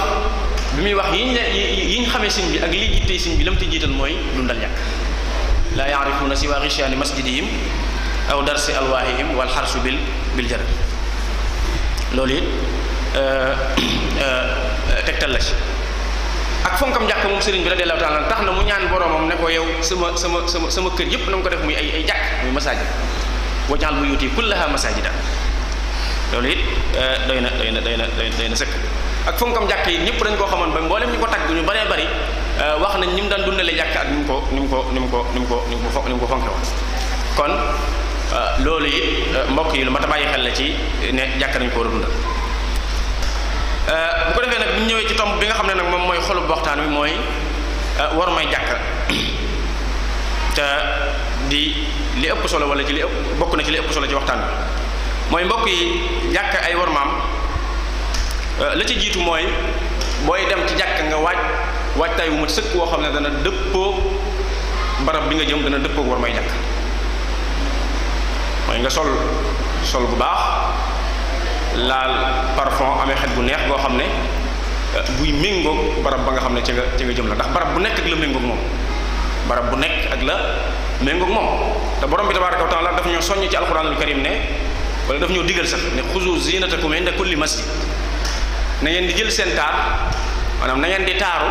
bi muy wax yiñ yiñ xamee sëriñ bi ak lii bi la mu jiital mooy dundal jàkk laa na siwaa gishaani masjidihim aw darsi alwaahihim wal xarsu bil bil jarab loolu it euh, [COUGHS] euh, tegtal la ci ak fonkam jàkk moom sëriñ bi radiyallahu taala tax na mu ñaan boromam ne ko yow sama sama sama sama kër yëpp na mu ko def muy ay ay jàkk muy masaajid wajaal bu yuuti kullaha masaajida loolu it eh, doy na doy na doy na doy na sëkk ak fonkam jàkk yi ñëpp dañ koo xamoon ba mboolem ñu ko tagg ñu baree bari eh, wax nañ ñu mu daan dundale jàkk ak ni mu ko ni mu ko ni mu ko ni mu ko ni mu ko fonke kon eh, loolu it mbokk yi lu ma ta bàyyi xel la ci ne jàkk nañ koo war dundal Euh, bu ko defee nag bu ñëwee ci tomb bi nga xam ne nag moom mooy xolub waxtaan wi mooy euh, war may jàkka [COUGHS] te di li ëpp solo wala ci li ëpp bokk na ci li ëpp solo ci waxtaan bi mooy mbokk yi jàkka ay war maam euh, la ci jiitu mooy booy dem ci jàkka nga waaj waajtaay wu ma sëkk woo xam ne dana dëppoo barab bi nga jëm dana dëppoo war may jàkka mooy nga sol sol bu baax laal parfum amee xet bu neex boo xam ne euh, buy méngoog barab ba nga xam ne ca nga ca nga jëm la ndax barab bu nekk ak la méngoog moom barab bu nekk ak la méngoog moom te borom bi tabaraka wa la daf ñoo soññ ci alquranul karim ne wala daf ñoo digal sax ne xuzu zinatakum ku kulli masjid na ngeen di jël seen taar maanaam na ngeen di taaru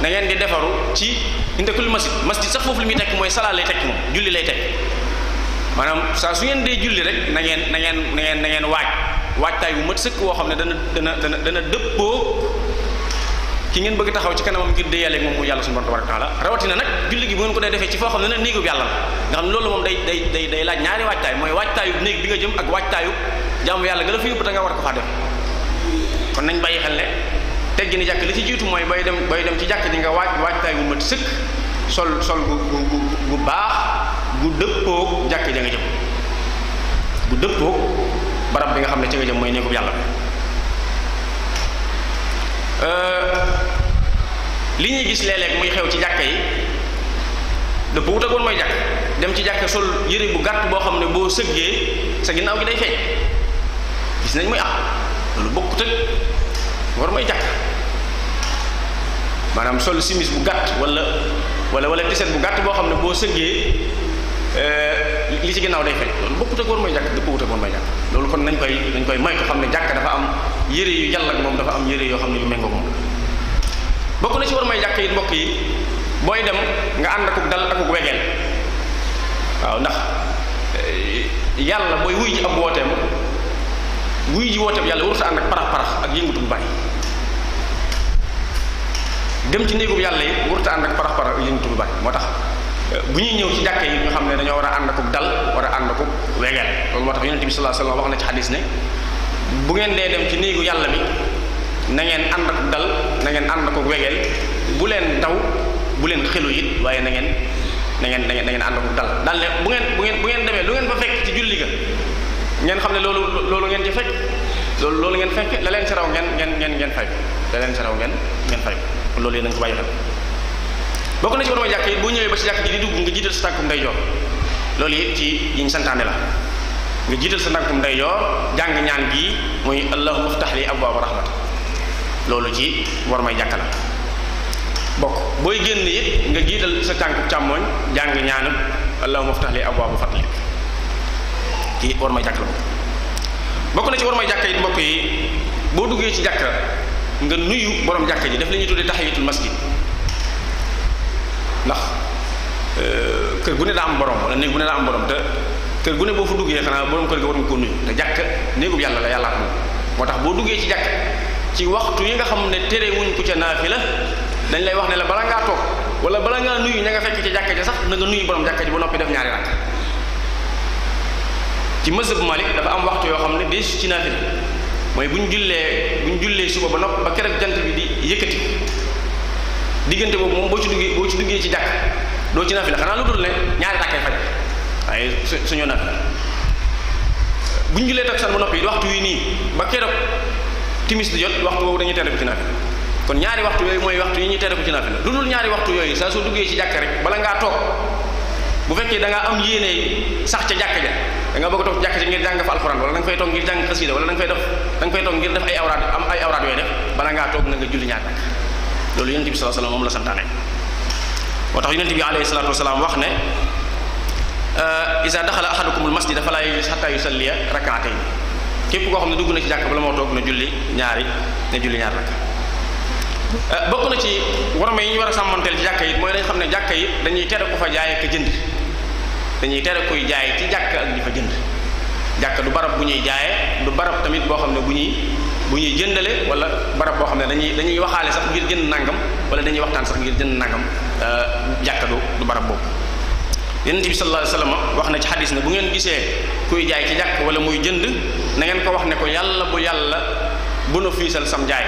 na ngeen di defaru ci inda kulli masjid masjid sax foofu lu muy tekk mooy salaa lay tekk moom julli lay tekk maanaam sa su ngeen dee julli rek na ngeen na ngeen na ngeen na ngeen waaj waajtaay bu mat sëkk woo xam ne dana dana dana dana dëppoo ki ngeen bëgg taxaw ci kanamam ngir déyalee moom mu yàlla suñu borom tabaraka taala rawatina nag julli gi bu ngeen ko dee defee ci foo xam ne nag néegub yàlla nga xam ne loolu moom day day day day laaj ñaari waajtaay mooy waajtaayu néeg nga jëm ak waajtaayu jaamu yàlla nga la fa yóbbu da nga war ko faa def nañ bàyyi xel ne teggi jàkk li ci jiitu mooy bay dem bay dem ci jàkk ji nga waaj waajtaay bu mat sëkk sol sol bu bu gu baax gu dëppoog jàkk ja nga jëm gu dëppoog barab bi nga xam ne ci nga jëm mooy néegub yàlla bi euh, li ñuy gis léeg-léeg muy xew ci jàkka yi dëpp wutagoon mooy jàkk dem ci jàkka sol yëre bu gàtt boo xam ne boo sëggee sa ginnaaw gi day feeñ gis nañ muy am loolu bokkut ak war mooy jàkk maanaam sol simis bu gàtt wala wala wala tiset bu gàtt boo xam ne boo sëggee Euh, li ci ginnaaw day fay loolu bokkut ak war mooy jàkk dëppwut ak war mooy jàkk loolu kon nañ koy nañ koy may ko xam ne jàkk dafa am yére yu yàlla moom dafa am yére yoo xam ne yu méngoo moom bokk na ci war mooy jàkk yi bokk yi booy dem nga ànd akuk dal akuk wegeel waaw ndax eh, yàlla booy wuy ji ab wooteem wuy ji wooteem yàlla warut a ànd ak parax parax ak yëngatu bu bari dem ci néegub yàlla yi warut a ànd ak parax parax ak yëngatu bu bari moo tax bu ñuy ñëw ci jàkke yi nga xam ne dañoo war a ànd akuk dal war a ànd akuk wegal loolu moo tax yonente bi salaa sallam wax na ci xadis ne bu ngeen dee dem ci néegu yàlla bi na ngeen ànd akuk dal na ngeen ànd akuk wegeel bu leen daw bu leen xelu it waaye na ngeen na ngeen na ngeen ànd akuk dal dal ne bu ngeen bu ngeen bu ngeen demee lu ngeen fa fekk ci julli ga ngeen xam ne loolu loolu ngeen ci fekk loolu loolu ngeen fekk la leen saraw ngeen ngeen ngeen ngeen fay la leen saraw ngeen ngeen fay loolu yéen nañ ko bàyyi xel bokk na ci war ma jàkk yi boo ñëwee ba ci jàkk ji di dugg nga jiital sa tànkum ndeyjoor loolu it ci yi ñu santaane la nga jiital sa tànkum ndeyjoor jàng ñaan gi muy allahumma tax li abwaaba rahmat loolu ci war may jàkk la bokk booy génn it nga jiital sa tànku càmmoñ jàng ñaanam allahumma iftah li abwaaba fadlik ci war may jàkk la bokk na ci war may jàkk yi mbokk boo duggee ci jàkk nga nuyu borom jàkk ji def la ñuy tuddee tahiyatul masjid ndax euh, kër gu ne daa am borom wala néeg bu ne daa am borom te kër gu ne boo fa duggee xanaa borom kër ga waruñ koo nuyu jàkk néegub yàlla la yàlla moo tax boo duggee ci jàkk ci waxtu yi nga xam ne tere wuñ ko ca la dañ lay wax ne la balaa ngaa toog wala bala ngaa nuyu ña nga fekk ci jàkka ja sax na nga nuyu borom jàkka ji ba noppi def ñaari rakk ci mazhab Malik dafa am waxtu yoo xam ne des ci naafila mooy bu ñu jullee bu ñu jullee suba ba nopp ba keroog jant bi di yëkkati diggante boobu moom boo ci duggee boo ci duggee ci jàkk doo ci nafila xanaa lu dul ne ñaari rakkay faj waaye suñu nafila bu ñu julee takkusaan ba noppi waxtu wi nii ba keroog timis di jot waxtu boobu dañuy tere ko ci nafila kon ñaari waxtu mooy waxtu yi ñuy tere ko ci nafila lu dul ñaari waxtu yooyu saa soo duggee ci jàkk rek bala ngaa toog bu fekkee da am yéene sax ca jàkk ja da bëgg a toog jàkk ja ngir jàng fa alxuraan wala da nga fay toog ngir jàng xasida wala da nga fay def da nga fay toog ngir def ay awraat am ay awraat yooyu def bala toog na nga julli ñaar rakk loolu yonent bi sallallahu alayhi wasallam moom la santaane moo tax yonent bi alayhi salaatu wasalaam wax ne euh, isa daxala ahadukumul masjida fala yajlis hatta yusalliya rak'atayn képp koo xam ne dugg na ci jàkk bala moo toog na julli ñaari ne julli ñaar rakk euh, bokk na ci warma yi ñu war a sàmmanteel ci jàkk yi mooy dañ xam ne jàkka yi dañuy tere ko fa jaay ak jënd dañuy tere kuy jaay ci jàkk ak di fa jënd jàkk du barab bu ñuy jaaye du barab tamit boo xam ne bu ñuy bu ñuy jëndale wala barab boo xam ne dañuy dañuy waxaale sax ngir jënd nangam wala dañuy waxtaan sax ngir jënd nangam euh, jàkka du du barab boobu yonent bi sallallahu alayhi wasallam wax na ci xadis na bu ngeen gisee kuy jaay ci jàkk wala muy jënd na ngeen ko wax ne ko yàlla bu yàlla bu nu fiisal sam njaay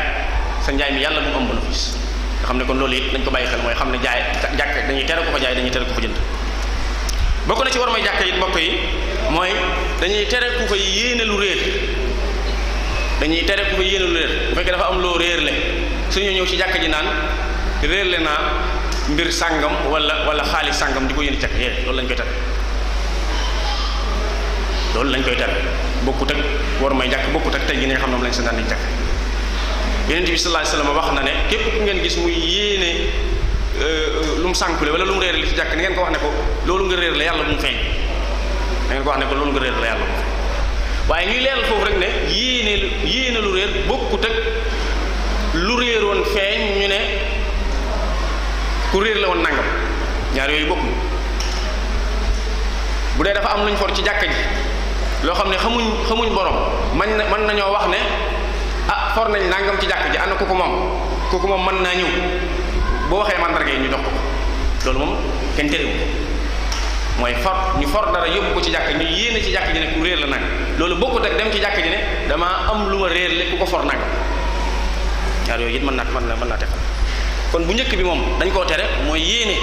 sa njaay mi yàlla bu mu am bu nu fiis nga xam ne ko loolu it dañ ko bàyyi xel mooy xam ne jaay jàkk dañuy tere ko ko jaay dañuy tere ko ko jënd bokk na ci war may jàkk it mbokk yi mooy dañuy lu réer dañuy tere ku fi yéene lu réer bu fekkee dafa am loo réer le suñu ñëw ci jàkk ji naan réer le naa mbir sàngam wala wala xaalis sàngam di ko yéene jàkk yee loolu lañ koy tere loolu koy tere bokkut ak war may jàkk bokkut ak tey gi nga xam ne moom lañ sa naan di jàkk yonent bi sallallahu alayhi wasallam wax na ne képp ku ngeen gis muy yéene euh, lu mu sànkule wala lu mu réer li ci jàkk ni ngeen ko wax ne ko loolu nga réer la yàlla bu mu feeñ da ngeen ko wax ne ko loolu nga réer la yàlla waaye ñuy leeral foofu rek ne yéene yéene lu réer bokkut ak lu réeroon feeñ ñu ne ku réer la woon nangam ñaar yooyu bokk bu dee dafa am luñ for ci jàkka ji loo xam ne xamuñ xamuñ borom man na mën nañoo wax ne ah for nañ nangam ci jàkka ji ana kooku moom kooku moom mën naa ñëw boo waxee mandarga ñu dox ko loolu moom kenn terewu mooy for ñu for dara yóbbu ko ci jàkka ñu yéene ci jàkka ji ne ku réer la nangam loolu bokkut ak dem ci jàkk ji ne damaa am lu ma réer li ko for nangam ñaar yooyu it man naa mën na mën naa teqal kon bu njëkk bi moom dañ koo tere mooy yéene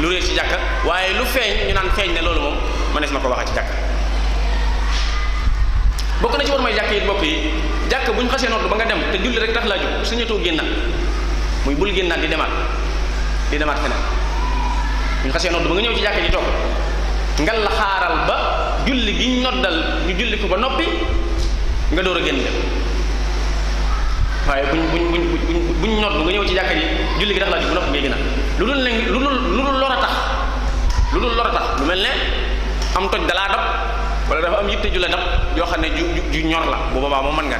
lu réer ci jàkka waaye lu feeñ ñu naan feeñ ne loolu moom mënees na ko waxee ci jàkk bokk na ci war may jàkk yi jàkk bu ñu xasee noot ba nga dem te julli rek tax laa jóg suñu génna génnaat muy bul génnaat di demaat di demaat feneen bu ñu xasee noot ba nga ñëw ci jàkk ji toog ngal la xaaral ba julli gi ñu noddal ñu julli ko ba noppi nga door a génn dem waaye buñ buñ buñ buñ buñ nodd ci jàkka ji julli gi tax a lu dul ne a tax lu dul lor a lu mel ne am toj dalaa dab wala yoo xam ne ju ju ñor la bu boobaa moom mën nga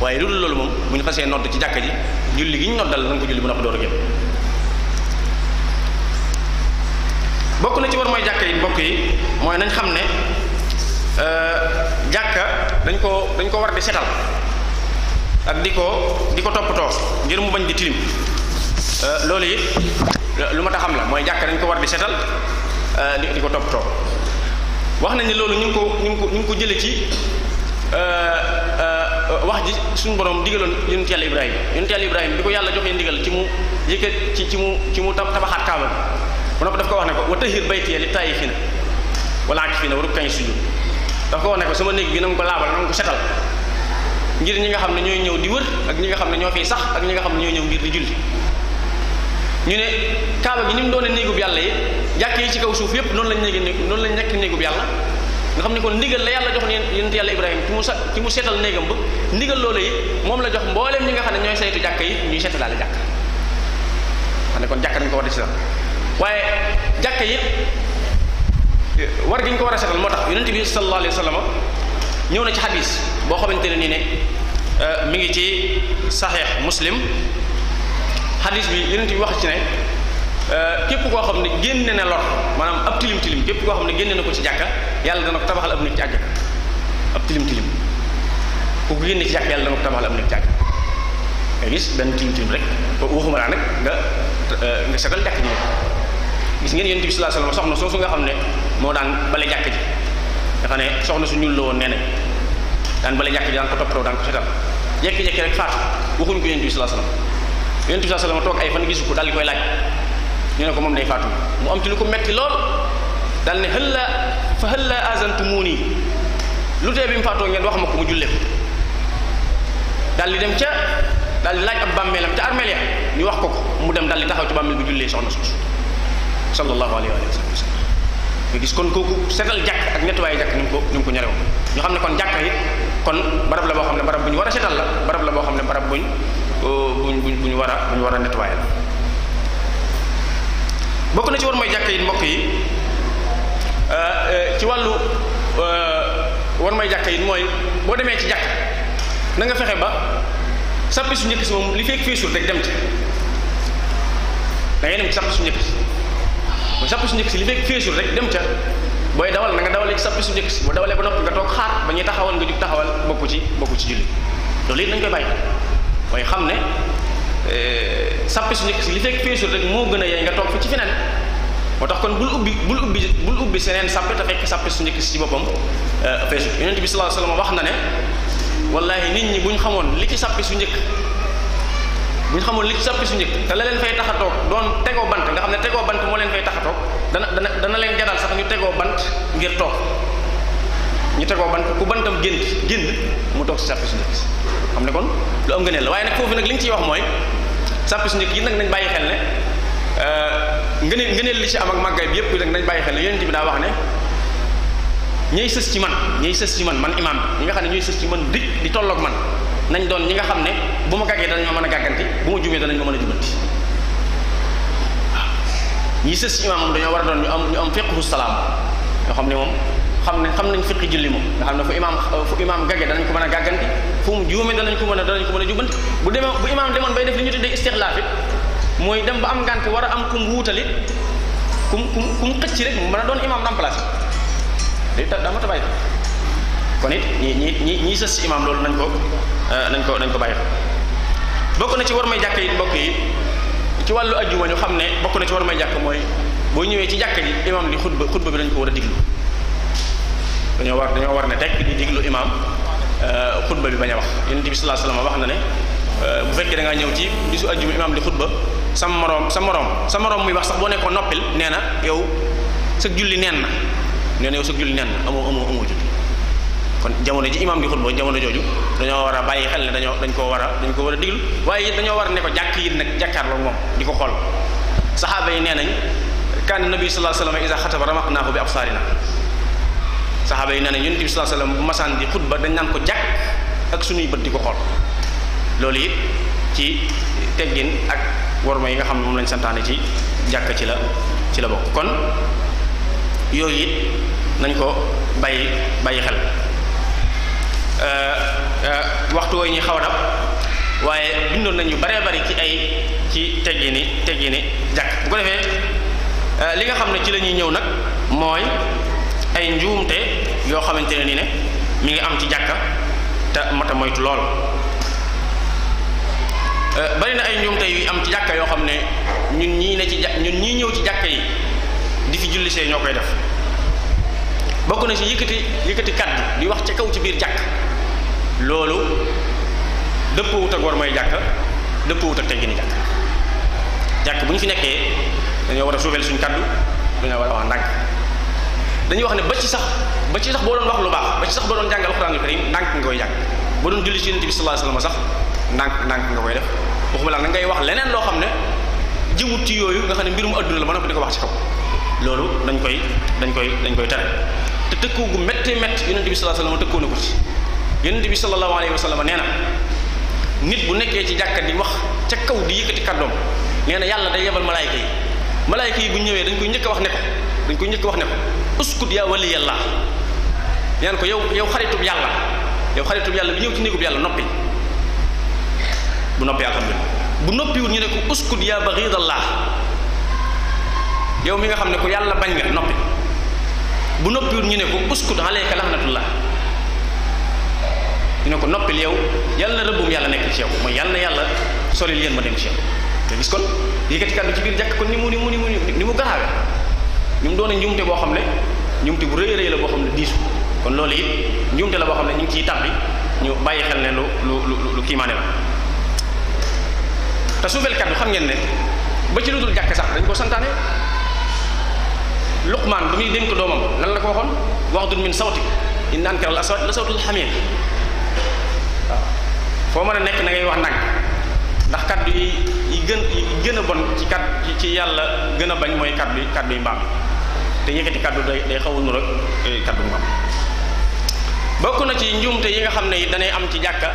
waaye lu dul moom bu ñu xasee nodd ci jàkka ji julli gi ñu noddal na nga ko julli ba noppi door a génn bokk na ci war mooy jàkka yi bokk yi mooy nañ xam ne Euh, jàkka dañ ko dañ ko war di setal ak di ko di ko toppatoo ngir mu bañ di tilim euh, loolu it lu ma tax xam la mooy jàkka dañ ko war di setal euh, di di ko toppatoo wax nañ ne loolu ñu ngi ko ñu ko ñu ngi ko jële ci wax ji suñu borom digaloon yonent yàlla ibrahima yonent yàlla ibrahima bi ko yàlla joxee ndigal ci mu yëkkat ci ci mu ci mu tabaxaat kaaba bi bu nopp daf ko wax ne ko wa tahir baytiya li taayifiina wal aakifiina wa rukka'i sujuud dafa ko ne ko sama néeg bi na nga ko laabal na nga ko setal ngir ñi nga xam ne ñooy ñëw di wër ak ñi nga xam ne ñoo fiy sax ak ñi nga xam ne ñooy ñëw ngir di julli ñu ne kaaba gi ni mu doone néegub yàlla yi jàkk yi ci kaw suuf yépp noonu lañ néegi noonu lañ nekk néegub yàlla nga xam ne kon ndigal la yàlla jox ne yonent yàlla ibrahima ci mu sa ci mu seetal néegam ba ndigal loolu yi moom la jox mbooleem ñi nga xam ne ñooy saytu jàkk yi ñuy seetalaale jàkk xam ne kon jàkk nañ ko war a seetal waaye jàkk yi war gi ñu ko war a setal moo tax yonent bi sallallahu alayhi wa sallam ñëw na ci xadis boo xamante ne nii ne euh, mi ngi ci saxeex muslim xadis bi yonent bi wax ci ne euh, képp koo xam ne génne na lor maanaam ab tilim tilim képp koo xam na ko ci jàkka yàlla dana ko tabaxal ab nit ci àgg ab tilim tilim ku ko génne ci jàkka yàlla dana rek waxuma laa nag nga euh, nga setal jàkk ne gis ngeen yonent bi sallallahu alayhi wa sallam soxna nga xam ne. moo daan bale jàkk ji nga xam ne soxna su ñuul la woon nee nañ daan bale jàkk ji daan ko toppatoo daan ko setal jekki-jekki rek faatu waxuñ ko yonent sallallahu alayhi wasallam yonent sallallahu alayhi wasallam toog ay fan gisu ko daal di koy laaj ñu ne ko moom day faatu mu am ci lu ko metti lool daal ne hëlla fa hëlla azantumuni lu tee bi mu faatoo ngeen wax ko mu jullee ko dem ca laaj ab ya wax ko ko mu dem daal di taxaw ci bàmmeel bi jullee soxna soosu sallallahu alayhi nga gis kon kooku setal jàkk ak nettoyé jàkk ni mu ko ni mu ko ñorew ñoo xam ne kon jàkka yi kon barab la boo xam ne barab bu ñu war a setal la barab la boo xam ne barab buñ buñ buñ bu ñu war a bu war a nettoyé la bokk na ci war mooy jàkk yi mbokk yi euh, ci wàllu euh, war mooy jàkk yi mooy boo demee ci jàkk nanga fexe ba sàppi su njëkk si moom li fekk fiisul rek dem ci da ngay dem sàppi su njëkk si mooy sàpp su njëkk si li fekk feesul rek dem ca booy dawal na nga dawalee ci sàpp su njëkk si bu dawalee ba noppi nga toog xaar ba ñuy taxawal nga jug taxawal bokku ci bokku ci julli xam ne e, sàpp su njëkk si li fekk moo gën a nga toog ci feneen moo tax kon bul ubbi bul ubbi bul ubbi seneen sàppe te fekk si boppam e, feesul yonent bi sallallahu wax na ne wallahi nit ñi buñ xamoon li ci sàppe su njëkk bu ñu xamoon li ci soppi su njëkk te leen fay tax a toog doon tegoo bant nga xam ne tegoo bant moo leen fay tax dana dana dana leen jaral sax ñu tegoo bant ngir toog ñu tegoo bant ku bantam génn génn mu toog si soppi su njëkk xam ne kon lu am la waaye nag foofu nag li ciy wax mooy soppi su yi nag nañ bàyyi xel ne euh, ngëneel ngëneel li si am ak màggaay bi yëpp nag nañ bàyyi xel ne yonent bi daa wax ne ñay sës ci man ñuy sës ci man man imaam ñi nga xam ne ñooy sës ci man dik di tolloog man nañ doon ñi nga xam ne bu ma gàggee danañ ma mën a gàgganti bu ma jumee danañ ma mën a jubanti ñi sës imam moom dañoo war a doon ñu am ñu am fiqhu salaam yoo xam ne moom xam ne xam nañ fiqi julli moom nga xam ne fu imam fu imam gàggee danañ ko mën a gàgganti fu mu juumee danañ ko mën a danañ ko mën a jubanti bu demee bu imam demoon bay def li ñu tuddee istixlaaf it mooy dem ba am ngànt war a am kum wuutali kum kum kum xëcc rek mu mën a doon imam remplacé day dama tabaay kon it ñi ñi ñi ñi sës imam loolu nañ ko Euh, nañ ko nañ ko bàyyi bokk na ci war may jàkk yi mbokk yi ci wàllu ajjuma ñu xam ne bokk na ci war may jàkk mooy boo ñëwee ci jàkk ji imam li xutba xutba bi dañ ko war a diglu dañoo war dañoo war ne tekk di diglu imam euh, xutba bi bañ a wax yonent bi sallallahu alayhi wasallam wax na ne euh, bu fekkee da ñëw ci bisu ajjuma imam di xutba sa moroom sa moroom sa moroom muy wax sax boo nekkoon noppil nee na yow julli neen na nee na yow sa julli neen na amoo amoo amoo julli kon jamono ji imaam di xutba jamono jooju dañoo war a bàyyi xel ne dañoo dañ koo war a dañ ko war a diglu waaye it dañoo war a ne ko jàkk yit nag jàkkaarloo moom di ko xool saxaaba yi nee nañ kaana nabi sallallahu alayhi wasallam iza xataba ramaqnaahu bi absaarina saxaaba yi nee nañ yonent bi sallallahu alayhi wasallam bu masaan di xutba dañ naan ko jàkk ak suñuy bët di ko xool loolu it ci teggin ak worma yi nga xam ne moom lañ santaane ci jàkk ci la ci la bokk kon yooyu it nañ ko bàyyi bàyyi xel Euh, euh, waxtu wooyu ñuy xaw a dab waaye bindoon yu baree bari ci ay ci teggini teggini jàkk bu ko defee euh, li nga xam ne ci lañuy ñëw nag mooy ay njuumte yoo xamante ne ni ne mi ngi am ci jàkka te mata moytu lool bari na ay njuumte yu am ci jàkka yoo xam ne ñun ñii ne ci ñun ñii ñëw ci jàkk yi di fi julli see ñoo koy def bokk na ci yëkkati yëkkati kàddu di wax ci kaw ci biir jàkk loolu dëppwut ak war mooy jàkk dëppwut ak teggini jàkk jàkk bu ñu fi nekkee dañoo war a suufeel suñ kaddu dañoo war a wax ndànk dañuy wax ne ba ci sax ba ci sax boo doon wax lu baax ba ci sax boo doon jàng alxuraanul karim ndànk nga koy jàng boo doon julli ci yonent bi sallallahu sax ndànk ndànk nga koy def waxuma la na ngay wax leneen loo xam ne jiwut ci yooyu nga xam ne mbirum adduna la mën a ko di ko wax ci kaw loolu dañ koy dañ koy dañ koy tere te tëkku gu métti métti yonent bi sallallahu alayhi wasallam tëkkoo yonent bi sallallahu alayhi wa sallam nee na nit bu nekkee ci jàkka di wax ca kaw di yëkkati kàddoom nee na yàlla day yebal malaayka yi malaayka yi bu ñëwee dañ koy njëkk wax ne dañ koy njëkk wax ne ko uskut yaa wali yàlla ko yow yow xaritub yàlla yow xaritub yàlla bi ñëw ci néegub yàlla noppi bu noppi ñu ne ko uskut yaa baxidallah yow mi nga xam ne ko yàlla bañ nga noppi bu noppiwul ñu ne ko uskut aleyka laxnatullah ñu ne ko noppil yow yàlla na rëbbum yàlla nekk ci yow mooy yàlla na yàlla solil yéen ma dem ci yow te gis kon yëkkati kàddu ci biir jàkk kon ni mu ni mu ni mu ni mu garaawe ñu mu doon a njuumte boo xam ne njuumte bu rëy rëy la boo xam ne diisu kon loolu it njuumte la boo xam ne ñu ngi ciy tàbbi ñu bàyyi xel ne lu lu lu kiimaane la te suufeel kàddu xam ngeen ne ba ci lu dul jàkk sax dañ ko santaane luqmaan bi muy dénk doomam lan la ko waxoon wax dun min sawti in ankara al aswat la foo mën a nekk na ngay wax nag ndax kaddu yi yi gën yi gën a bon ci kat ci yàlla gën a bañ mooy kaddu kaddu yu mbaam te yëkkati kaddu day day xaw a nur ak eh, kaddu mbaam bokk na ci njuumte yi nga xam ne yi danay am ci jàkka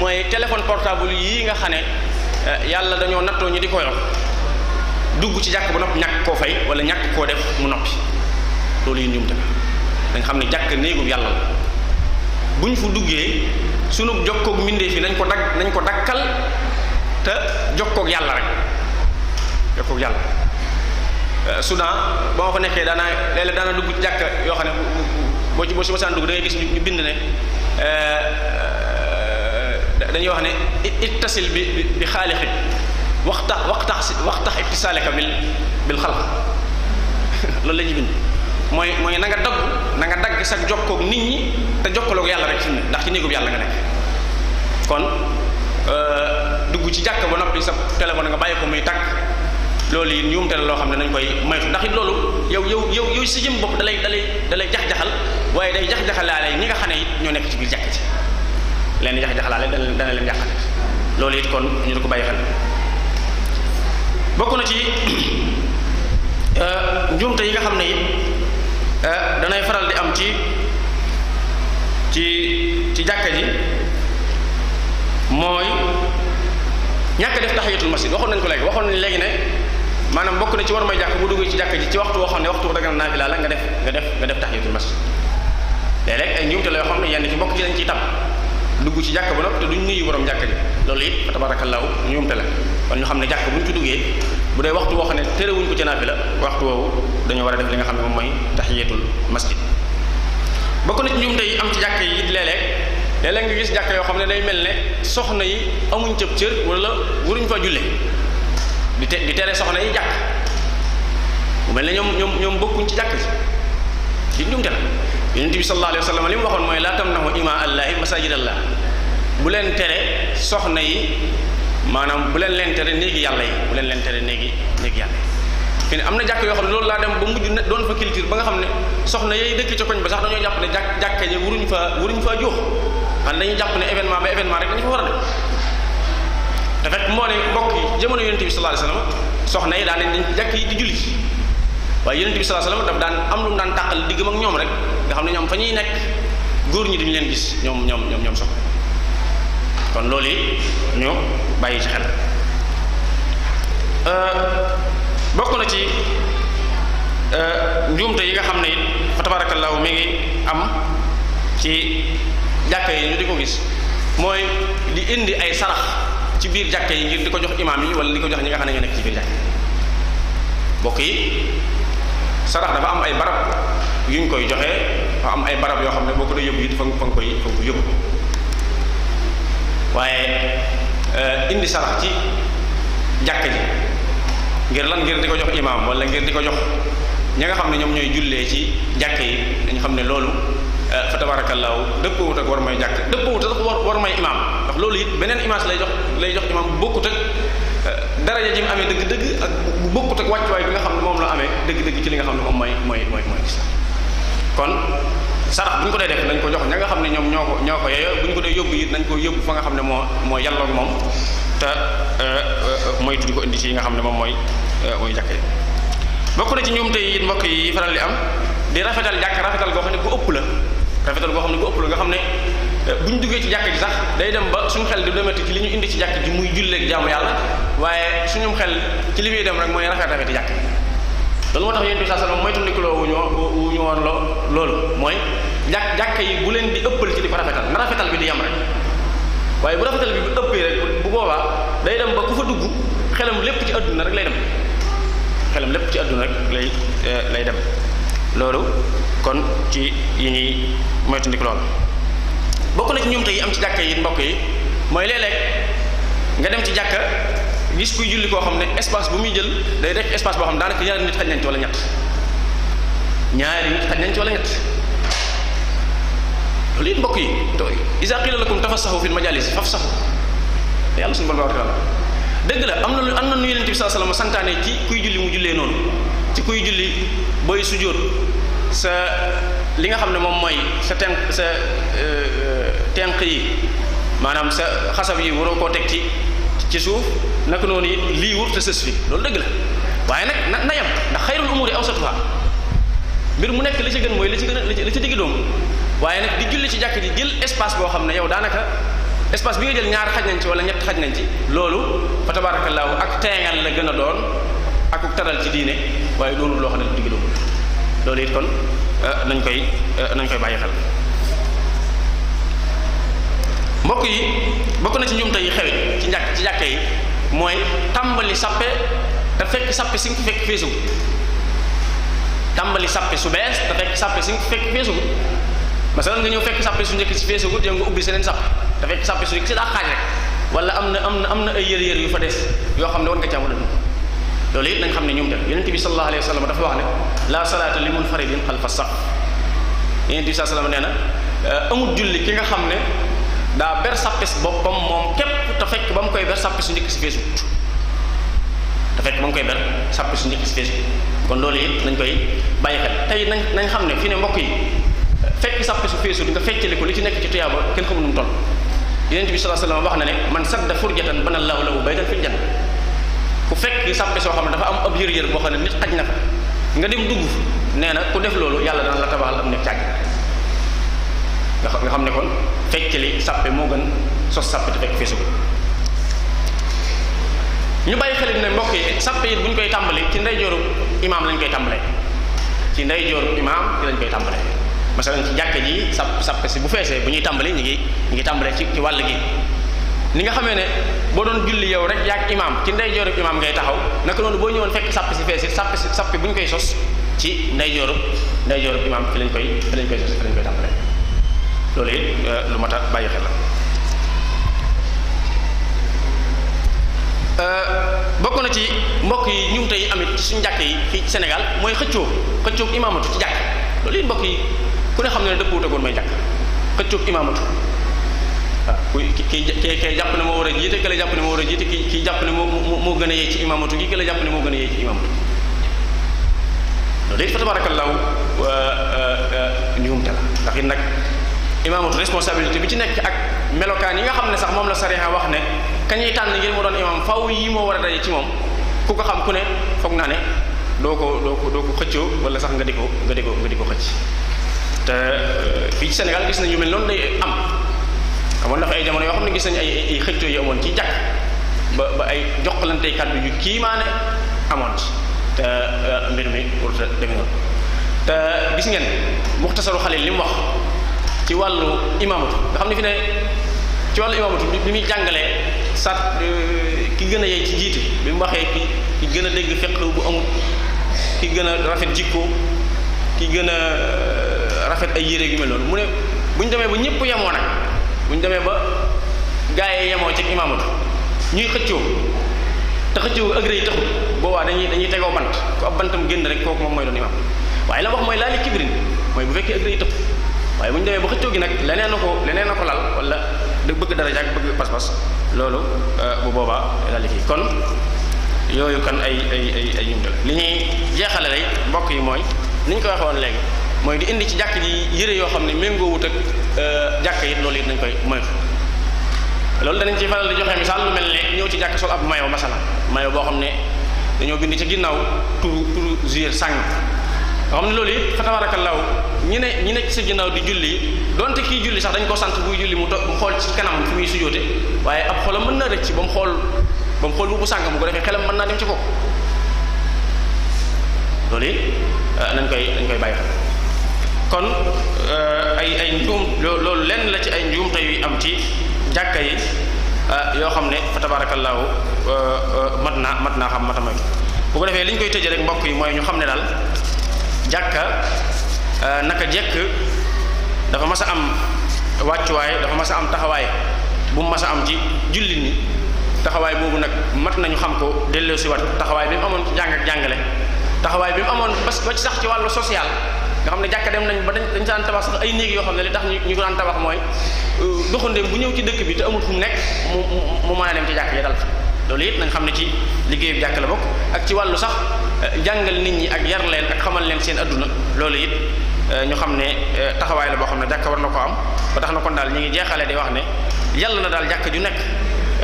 mooy téléphone portable yi nga xam ne eh, yàlla dañoo nattoo ñu di ko yor dugg ci jàkk ba nopp ñàkk koo fay wala ñàkk koo def mu noppi loolu yi njuumte dañ xam ne jàkk néegum yàlla la buñ fu duggee sunu ak minde fi nañ ko dag nañ ko dakkal te ak yàlla rek ak yàlla suna bo ko nekké dana lélé dana dugg jàkk yo xane bo ci bo ci masaan dugg da ngay gis ñu bind ne euh dañ wax ne ittasil bi bi khaliqi waqta waqta waqta ittisalaka bil bil khalq loolu lañu bind mooy mooy na nga dagg na nga dagg sa jokkoog nit ñi te jokkaloog yàlla rek fi ndax ci néegub yàlla nga nekk kon euh, dugg ci jàkk ba noppi sa téléphone nga bàyyi ko muy tàkk loolu yi njuumte la loo xam ne dañ koy maytu ndax it loolu yow yow yow yow si jëm bopp dalay dalay dalay jax-jaxal waaye day jax-jaxalaale ñi nga xam ne it ñoo nekk ci biir jàkk ci leen jax-jaxalaale dana leen jaxal loolu it kon ñu di ko bàyyi xel bokk na ci [COUGHS] euh, njuumte yi nga xam Eh, danay faral di am ci ci ci jàkka ji mooy ñàkk def tahiyatul masjid waxoon nañ ko léegi waxoon nañ léegi ne maanaam bokk na ci war may jàkk bu duggee ci jàkka ji ci waxtu woo ne waxtu dagan naafila la nga def nga def nga def tahiyatul masjid léeg-léeg ay njuumte la yoo xam ne yenn ci bokk ci dañ ciy tam dugg ci jàkk ba noppi te duñ nuyu borom jàkka ji loolu it fa tabarakallahu njuumte la kon ñu xam ne jàkk buñ ci duggee bu dee waxtu woo xam ne terewuñ ko ci naafila waxtu woowu dañu war a def li nga xam ne moom mooy taxiyatul masjid bokk na ci ñoom tey am ci jàkka yi it léeg nga gis jàkka yoo xam ne day mel ne soxna yi amuñ cëb cër wala waruñ fa julle di te di tere soxna yi jàkk bu mel ne ñoom ñoom ñoom bokkuñ ci jàkk ji di njumte la yonent bi sallallahu alayhi wa sallam li mu waxoon laa tamnahu ima allahi masajid allah bu leen tere soxna yi maanaam bu leen leen tere néegi yàlla yi bu leen leen tere néegi néegi yàlla yi fi ne am na jàkk yoo xam ne loolu laa dem ba mujj na doon fa culture ba nga xam ne soxna yey dëkk ci koñ ba sax jàpp ne jàkk jàkka ñi wuruñ fa wuruñ faa jox xam dañuy jàpp ne événement ba événement rek dañu fa war a def te moo ne mbokk yi jamono yonente bi sallallahu alayhi wasallam soxna yi daan ne dañ jàkk yi di julli ci waaye yonente bi sa la wasallam daf daan am lu mu daan tàqal diggam ak ñoom rek nga xam ne ñoom fa ñuy nekk góor ñi duñu leen gis ñoom ñoom ñoom ñoom soxna kon loolu it ñu bàyyi ci xel euh, bokk na ci euh, njuumte yi nga xam ne it fa tabaarakallaahu mi ngi am ci jàkka yi ñu di ko gis mooy di indi ay sarax ci biir jàkka yi ngir di ko jox imaam yi wala li ko jox ñi nga xam ne ñoo nekk ci biir bokk yi sarax dafa am ay barab yuñ koy joxe dafa am ay barab yoo xam ne boo ko dee yóbbu yi dafa fa nga koy yóbbu waaye euh, indi sarax ci jàkk ji ngir lan ngir di ko jox imaam walla ngir di ko jox ñi nga xam ne ñoom ñooy jullee ci jàkk yi dañu xam ne loolu euh, fa tabaarakallaahu dëppoowut ak war may jàkk dëppoowut ak war war may imaam ndax loolu it beneen image lay jox lay jox imaam bokkut ak euh, daraja ji mu amee dëgg-dëgg ak bu bokkut ak wàccuwaay bi nga xam ne moom la amee dëgg-dëgg ci li nga xam ne moom mooy mooy mooy mooy kon sarax bu ñu ko dee def nañ ko jox ña nga xam ne ñoom ñoo ko ñoo ko yeyoo bu ñu ko dee yóbbu it nañ ko yóbbu fa nga xam ne moo moo yàlloog moom te euh, euh, moytu di ko indi ci yi nga xam ne moom mooy euh, mooy jàkk yi bokk na ci ñoom tey it mbokk yi faral di am di rafetal jàkk rafetal goo xam ne bu ëpp la rafetal goo xam ne bu ëpp la nga xam ne bu ñu duggee ci jàkk ji sax day dem ba suñu xel di demati ci li ñu indi ci jàkk ji muy julleek jaamu yàlla waaye suñu xel ci li muy dem rek mooy rafet rafeti jàkk loolu moo tax yéen bi saa sallam moytu ndikaloo wuñu wuñu woon lo loolu mooy jàkk jàkk yi bu leen di ëppal ci di ko rafetal na rafetal bi di yem rek waaye bu rafetal bi bu ëppee rek bu boobaa day dem ba ku fa dugg xelam lépp ci àdduna rek lay dem lépp ci àdduna rek eh, lay dem loolu kon ci yi ñuy moytu ndik lool bokk na ci ñoom tey am ci jàkk yi mbokk yi mooy léeg nga dem ci jàkka gis kuy julli koo xam ne espace bu muy jël day nekk espace boo xam daanaka ñaari nit xaj nañ ci wala ñett ñaari nit xaj nañ ci wala ñett loolu it mbokk yi tooy isa qila lakum tafassahu fil majalis fafsahu yàlla suñu bon ba taala dëgg la am na lu am na nu yonent bi sa alayhi wasallam santaane ci kuy julli mu jullee noonu ci kuy julli booy sujjóot sa li nga xam ne moom mooy sa tenk sa euh, euh, tenq yi maanaam sa xasab yi waroo koo teg ci ci suuf naka noonu it lii wurta sës fi loolu dëgg la waaye nag na na yem ndax xayrul umuri awsatuha mbir mu nekk li ci gën mooy li ci gën a li ci digg doomu waaye nag di julli ci jàkk ji jël espace boo xam ne yow daanaka espace bi nga jël ñaar xaj nañ ci wala ñett xaj nañ ci loolu fa tabaarakallaahu ak teengal la gën a doon ak taral ci diine waaye doonul loo xam ne lu digg doomu loolu it kon euh, nañ koy euh, nañ koy bàyyi xel mbokk yi bokk na ci njumte yi xewi ci njàkk ci jàkka yi mooy tàmbali sappe te fekk sappe si nga fi fekk feesugu tàmbali sappe su te fekk sappe si nga fi fekk feesugu masalan nga ñëw njëkk si feesugu yow nga ubbi seneen sappe te fekk sappe su njëkk si daa xaaj rek wala am na am na ay yër yër yu fa des yoo xam ne war nga caa wala loolu it nañ xam ne ñoom yonent bi sallallahu alayhi wa sallam dafa wax ne la salaata li munfaridin xalfa saf yonent bi sallallahu alayhi wa sallam nee na amul julli ki nga xam daa ber sàppis boppam moom képp te fekk ba mu koy ber sàppis su njëkk si feesut te fekk ba mu koy ber sàppis su njëkk si feesut kon loolu yëpp nañ koy bàyyi tey nañ nañ xam ne fi ne mbokk yi fekk sàppis su feesut nga feccali ko li ci nekk ci tuyaaba kenn ko nu mu toll yonent bi sallallahu alayhi wasallam wax na ne man sadda furjatan bana Allahu la baytan fil janna ku fekk sàppe soo xam ne dafa am ab yër-yër boo xam ne nit xaj na fa nga dem dugg nee na ku def loolu yàlla dana la ta am nekk càgg nga xam ne kon feccali sàppe moo gën sos sàppe te fekk ko ñu bàyyi xelit ne mbokk yi sàppe yi bu ñu koy tàmbali ci ndeyjooru imaam lañ koy tàmbalee ci ndeyjooru imaam ci lañ koy tàmbalee masalan ci jàkka ji sàpp sàppe bu feesee bu ñuy tàmbali ñu ngi ngi tàmbalee ci ci wàll gi ni nga xamee ne boo doon julli yow rek yaak imaam ci ndeyjooru imaam ngay taxaw naka noonu boo ñëwoon fekk sàpp si fees it si sàppe bu ñu koy sos ci ndeyjooru ndeyjooru imaam fi lañ koy lañ koy sos fi lañ koy tàmbalee loolu euh, it lu mat a bàyyi xel la euh, bokk na ci mbokk yi ñu tey amit ci suñu jàkk yi fii ci Sénégal mooy xëccoo xëccoo imaamatu ci jàkk loolu it mbokk yi ku ne xam ne ne dëppoo tegoon may jàkk xëccoo imaamatu ah, kuy kii kii jàpp ne moo war a jàpp ne moo war a jiite moo gën a yee ci imaamatu gi kii la jàpp ne moo gën a yee ci imaamatu loolu it fa tabaarakallaahu euh, njuumte la ndax it nag imaamut responsabilité bi ci nekk ak melokaan yi nga xam ne sax moom la sariha wax ne kañuy tànn ngir mu doon imaam faw yi moo war a daje ci moom ku ko xam ku ne foog naa ne doo ko doo ko doo xëccoo wala sax nga di ko nga di ko di ko xëcc te euh, fii ci Sénégal gis nañu mel noonu day am amoon na fa ay jamono yoo xam ne gis nañu ay ay xëccoo yu amoon ci jàkk ba ba ay joxlante kàddu yu kiimaane amoon te euh, mbir mi warut a demee noonu te gis ngeen muxtasaru li mu wax. ci wàllu imaamatu nga xam ne fi ne ci wàllu imaamatu bi bi muy jàngalee sat euh, ki gën a yey ci jiite bi mu waxee ki ki gën a dégg fiq bu amul ki gën a rafet jikko ki gën a euh, rafet ay yére yu mel noonu mu ne bu ñu demee ba ñëpp yemoo nag buñ ñu demee ba gaayee yemoo ci imaamatu ñuy xëccoo te xëccoo agré yi taxul boobaa dañuy dañuy tegoo bant ku ab bantam génn rek kooku moom mooy doon imaam waaye la wax mooy laali kibrin mooy bu fekkee agré yi taxul waaye bu ñu demee ba xëccoo gi nag leneen na ko leneen na ko lal wala da bëgg daraja ak bëgg pas-pas loolu euh, bu boobaa daal kii kon yooyu kon ay ay ay ay yundal li ñuy jeexale lay mbokk yi mooy ni ñu ko waxee mooy di indi ci jàkk ji yëre yoo xam ne méngoowut ak euh, jàkk yi loolu nañ koy moytu loolu danañ ci faral di joxe misaal lu mel ne ñëw ci jàkk sol ab mayo masala mayo boo xam ne dañoo bind ci ginnaaw turu turu ziir sàng nga xam ne loolu it fa tabaarakallaahu ñi ne ñi nekk ci sa di julli donte kii julli sax dañ ko sant buy julli mu toog mu xool ci kanam fi muy sujoote waaye ab xolam mën na rëcc ba mu xool ba mu xool bu bu sàngam ko defee xelam mën naa dem ci kooku euh, koy nañ koy bàyyi kon euh, ay ay la ci ay njuumte yuy am ci jàkka yi euh, yoo xam ne fa tabaarakallaahu mat naa mat naa xam matama bu ko defee li ñu koy tëjee rek mbokk yi mooy ñu xam ne daal jàkka euh, naka jekk dafa mas a am wàccuwaay dafa mas a am taxawaay bu mu mas a am ci julli ñi taxawaay boobu nag mat nañu xam ko delloo si wat taxawaay bi mu amoon ci jàng jàngale taxawaay bi mu amoon ba ci sax ci wàllu social nga xam ne jàkka dem nañ ba dañ dañ daan tabax sax ay néeg yoo xam ne li tax ñu ko daan tabax mooy euh, doxandéem bu ñëw ci dëkk bi te amul fu mu nekk mu mu mën dem ci jàkk yi dal loolu it na xam ne ci bi jàkk la bokk ak ci wàllu sax euh, jàngal nit ñi ak yar leen ak xamal leen seen adduna loolu it euh, ñu xam ne euh, taxawaay la boo xam ne jàkk war na ko am ba tax na kon daal ñu ngi jeexalee di wax ne yàlla na daal jàkk ju nekk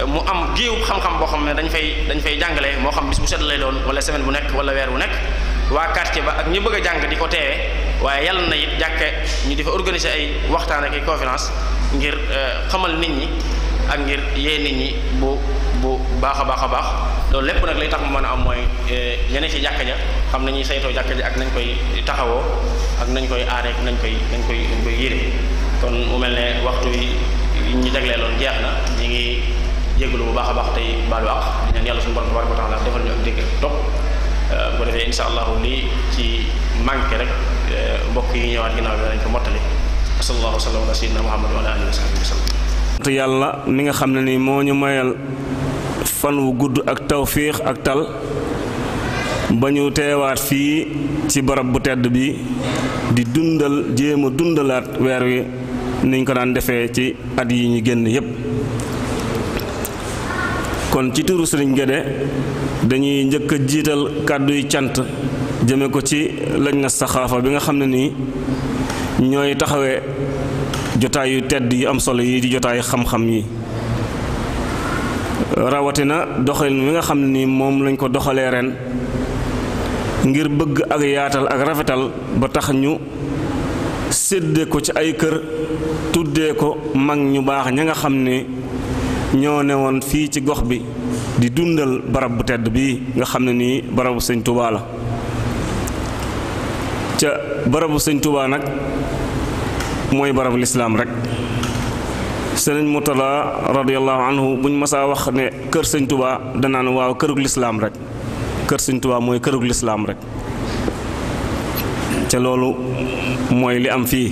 mu am géew xam-xam boo xam ne dañ fay dañ fay jàngale moo xam bis bu set lay doon wala semaine bu nekk wala weer bu waa quartier ba ak ñi bëgg a jàng di ko teewee waaye yàlla na it jàkk ñu di fa organiser ay waxtaan ak ay conférence ngir xamal nit ñi ak ngir yee nit ñi bu bu baax a baax a baax loolu lépp nag lay tax mu mën a am mooy eh, ñene ci jàkka ja xam nañuy saytoo jàkka ja ak nañ koy taxawoo ak nañ koy aaree nañ koy nañ koy nañ koy yére kon mu mel ne waxtu yi ñu jagleeloon jeex na ñu ngi jégalu bu baax a baax tey baalu àq di ñaan yàlla suñu borom tabaraka wa taala defal ñu ak dégg topp eh, bu ko defee insha allahu lii ci manqué rek eh, mbokk yi ñëwaat ginnaaw bi dañ ko mottali sallallahu alayhi wa sallam ala sayyidina muhammad wa ala alihi wa sahbihi wa yàlla mi nga xam ne ni moo ñu mayal fan wu gudd ak tawfiq ak tal ba ñu fi ci barab bu tedd bi di dundal jéem a dundalaat weer wi niñ ko daan defee ci at yi ñu génn yépp kon ci turu sëriñ gede dañuy njëkk a jiital kàdduy cant jëme ko ci lañ na saxaafa bi nga xam ne nii ñooy taxawee jotaayu tedd yu am solo yi di jotaayu xam-xam yi rawatina doxalin wi nga xam ni moom lañ ko doxalee ren ngir bëgg ak yaatal ak rafetal ba tax ñu séddee ko ci ay kër tuddee ko mag ñu baax ña nga xam ne ñoo ne woon fii ci gox bi di dundal barab bu tedd bii nga xam ne nii barabu sëñ Touba la ca barabu sëñ Touba nag mooy barabu lislaam rekk sëriñ Murtala radiallahu anhu buñ masaa wax ne kër sëñ Touba danaan waaw kërug lislaam rek kër sëñ Touba mooy kërug lislaam rek ca loolu mooy li am fii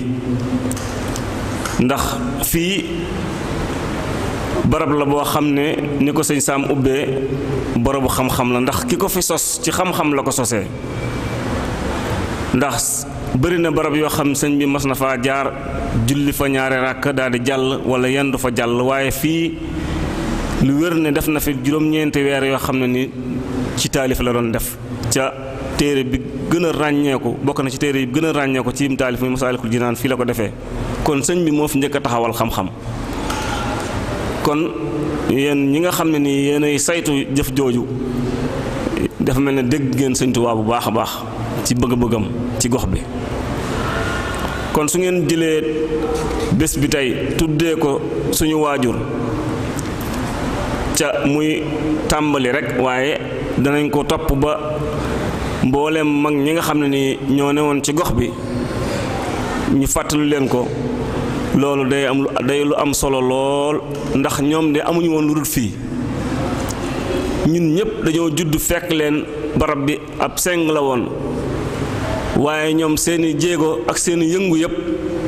ndax fii barab la boo xam ne ni ko sëñ Saam ubbee barabu xam-xam la ndax ki ko fi sos ci xam-xam la ko sosee ndax bari na barab yoo xam sëñ bi mas na jaar julli fa ñaari ràkk daal di jàll wala yendu fa jàll waaye fii lu wér ne def na fi juróom-ñeenti weer yoo xam ne ni ci taalif la doon def ca téere bi gën a ràññeeku bokk na ci téere bi gën a ràññeeku ci taalif muy masaalikul jinaan fii la ko defee kon sëñ bi moo fi njëkk a taxawal xam-xam kon yéen ñi nga xam ne ni yéenay saytu jëf jooju dafa mel ne dégg ngeen sëñ tubaa bu baax a baax ci bëgg-bëggam ci gox bi kon su ngeen jëlee bés bi tey tuddee ko suñu waajur ca muy tàmbali rekk waaye danañ ko topp ba mboolem mag ñi nga xam ne ni ñoo ne woon ci gox bi ñu fàttali leen ko loolu day am day lu am solo lool ndax ñoom de amuñu woon lu dul fii ñun ñëpp dañoo judd fekk leen barab bi ab seng la woon waaye ñoom seeni jéego ak seeni yëngu yëpp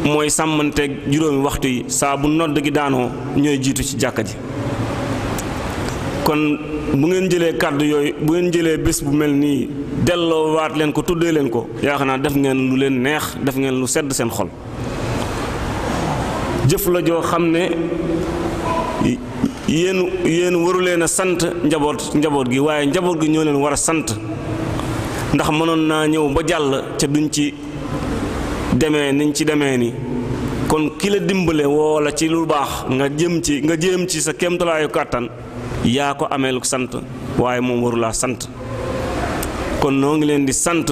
mooy sàmmanteeg juróomi waxtu yi saa bu nodd gi daanoo ñooy jiitu ci jàkka ji kon bu ngeen jëlee kàddu yooyu bu ngeen jëlee bés bu mel nii delloo waat leen ko tuddee leen ko yaakaar naa def ngeen lu leen neex daf ngeen lu sedd seen xol jëf la joo xam ne yéen yéen waru leen sant njaboot njaboot gi waaye njaboot gi ñoo leen war a sant ndax mënoon na ñëw ba jàll ca duñ ci demee niñ ci demee ni kon ki la dimbale woola ci lu baax nga jëm ci nga jéem ci sa yu katan ya ko ameelu sant waaye moom la sant kon noo ngi di sant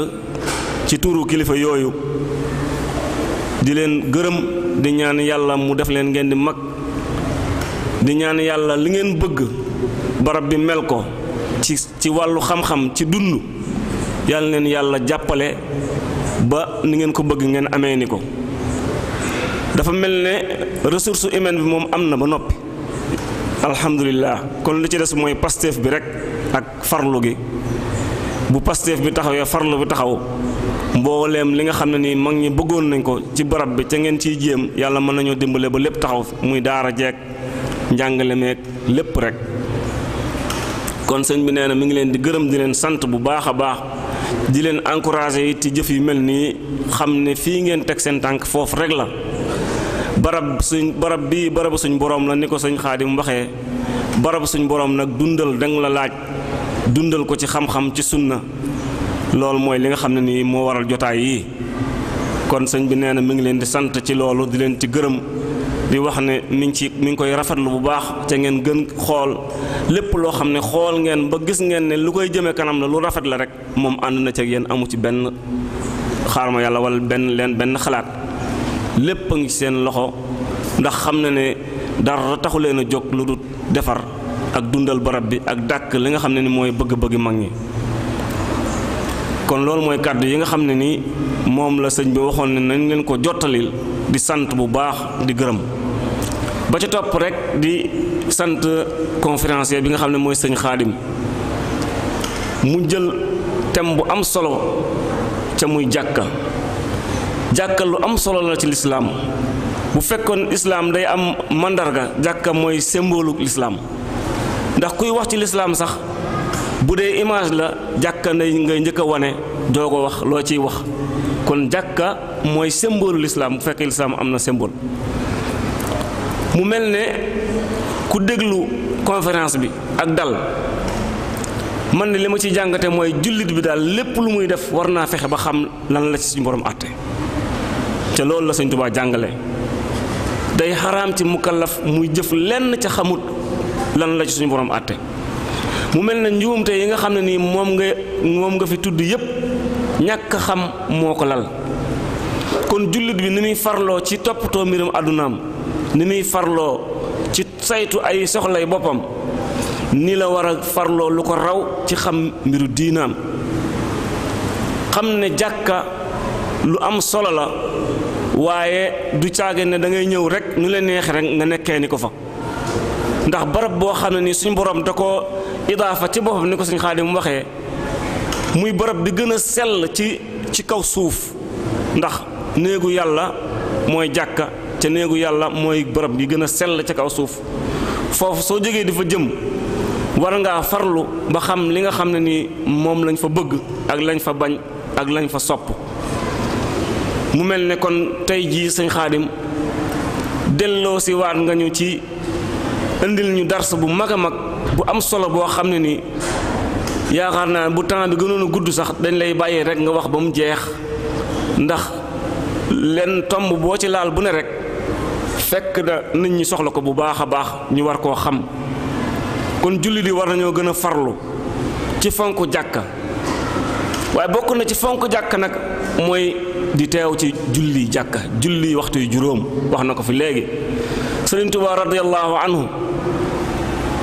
ci turu kilifa yoyu di len gërëm di ñaan yalla mu def leen ngeen di mag di ñaan yàlla li ngeen bëgg barab bi mel ko ci ci wàllu xam-xam ci dund yal leen yàlla jàppale ba ni ngeen ko bëgg ngeen amee ni ko dafa mel ne ressource humaine bi moom am na ba kon li ci des mooy pasteef bi rek ak farlu gi bu pasteef bi ya farlu bi taxaw mbooleem li nga xam ne nii mag ñi bëggoon nañ ko ci barab bi ca ngeen ciy jéem yàlla mën nañoo dimbale ba lépp taxaw muy daara rek kon sëñ bi na mi ngi leen di gërëm di leen bu baax a baax di leen encouragé ti jëf yu mel nii xam ne fii ngeen teg seen tànk foofu rek la barab suñ barab bii barabu suñ borom la ni ko sëñ Xaadim waxee barab suñ boroom nag dundal danga la laaj dundal ko ci xam-xam ci na loolu mooy li nga xam ne nii moo waral jotaay yii kon sëñ bi nee na mi ngi leen di sant ci loolu di leen ci gërëm. di wax ne mi ngi ci mi geng koy rafetlu bu baax te ngeen gën xool lépp loo xam ne xool ngeen ba gis ngeen ne lu koy jëmee kanam la lu rafet la rek moom ànd na ci yéen amu ci benn xaar ma yàlla wala benn leen xalaat lépp ngi seen loxo ndax ne dara taxu lu defar ak dundal barab bi ak dàkk li nga xam ni bëgg-bëgg kon loolu mooy kàddu yi nga xam ne ni moom la sëñ bi waxoon ne nañ leen ko jottalil di sant bu baax di gërëm ba ca topp rek di sant conférencier bi nga xam ne mooy sëñ xaadim mu jël thème bu am solo ca muy Jakka jàkka lu am solo la ci lislaam bu fekkoon Islam day am mandarga jakka mooy symbole lislaam ndax kuy wax ci lislaam sax bu dee image la jàkka na ngay njëkk a wane doo ko wax loo ciy wax kon jàkka mooy symbole lislaam bu fekkee lislaam am na symbole mu mel ne ku déglu conférence bi ak dal man ne li ma ci jàngate mooy jullit bi daal lépp lu muy def war naa fexe ba xam lan la ci suñu borom àtte te loolu la Sëñ Tuubaa jàngale day xaraam ci mukallaf muy jëf lenn ca xamut lan la ci suñu borom àtte mu mel ne te yi nga xam ne fitu moom nga moom nga fi tudd yépp farlo xam moo mirum lal kon farlo bi ni muy farloo ci toppatoo mbiram adunaam ni muy farloo ci saytu ay soxlay ni la lu ko raw ci xam mbiru ne lu am solo la waaye du caage ne da ngay ñëw rek nu la neex rek nga nekkee ni ko fa ndax barab boo xam ni borom idaafa ci boppam ni ko suñ xaadim waxee muy barab bi gën a sell ci ci kaw suuf ndax néegu yàlla mooy jàkka ca néegu yàlla mooy bërëb bi gën a sell ca kaw suuf foofu soo jógee di fa jëm war ngaa farlu ba xam li nga xam ne ni moom lañ fa bëgg ak lañ fa bañ ak lañ fa sopp mu mel ne kon tey jii sëñ xaadim delloo si waat nga ñu ci indil ñu dars bu mag a mag bu am solo boo ya ne ni yaakaar naa bu temps bi gënoon a gudd sax dañ lay bàyyi rek nga wax ba mu jeex ndax leen tomb boo ci laal bu ne rek fekk na nit ñi soxla ko bu baax baax ñu war koo xam kon julli di war nañoo gën farlu ci fonk na ci fonk jakka nak mooy di teew ci julli jàkka julli waxtu yu wax na fi léegi radiyallahu anhu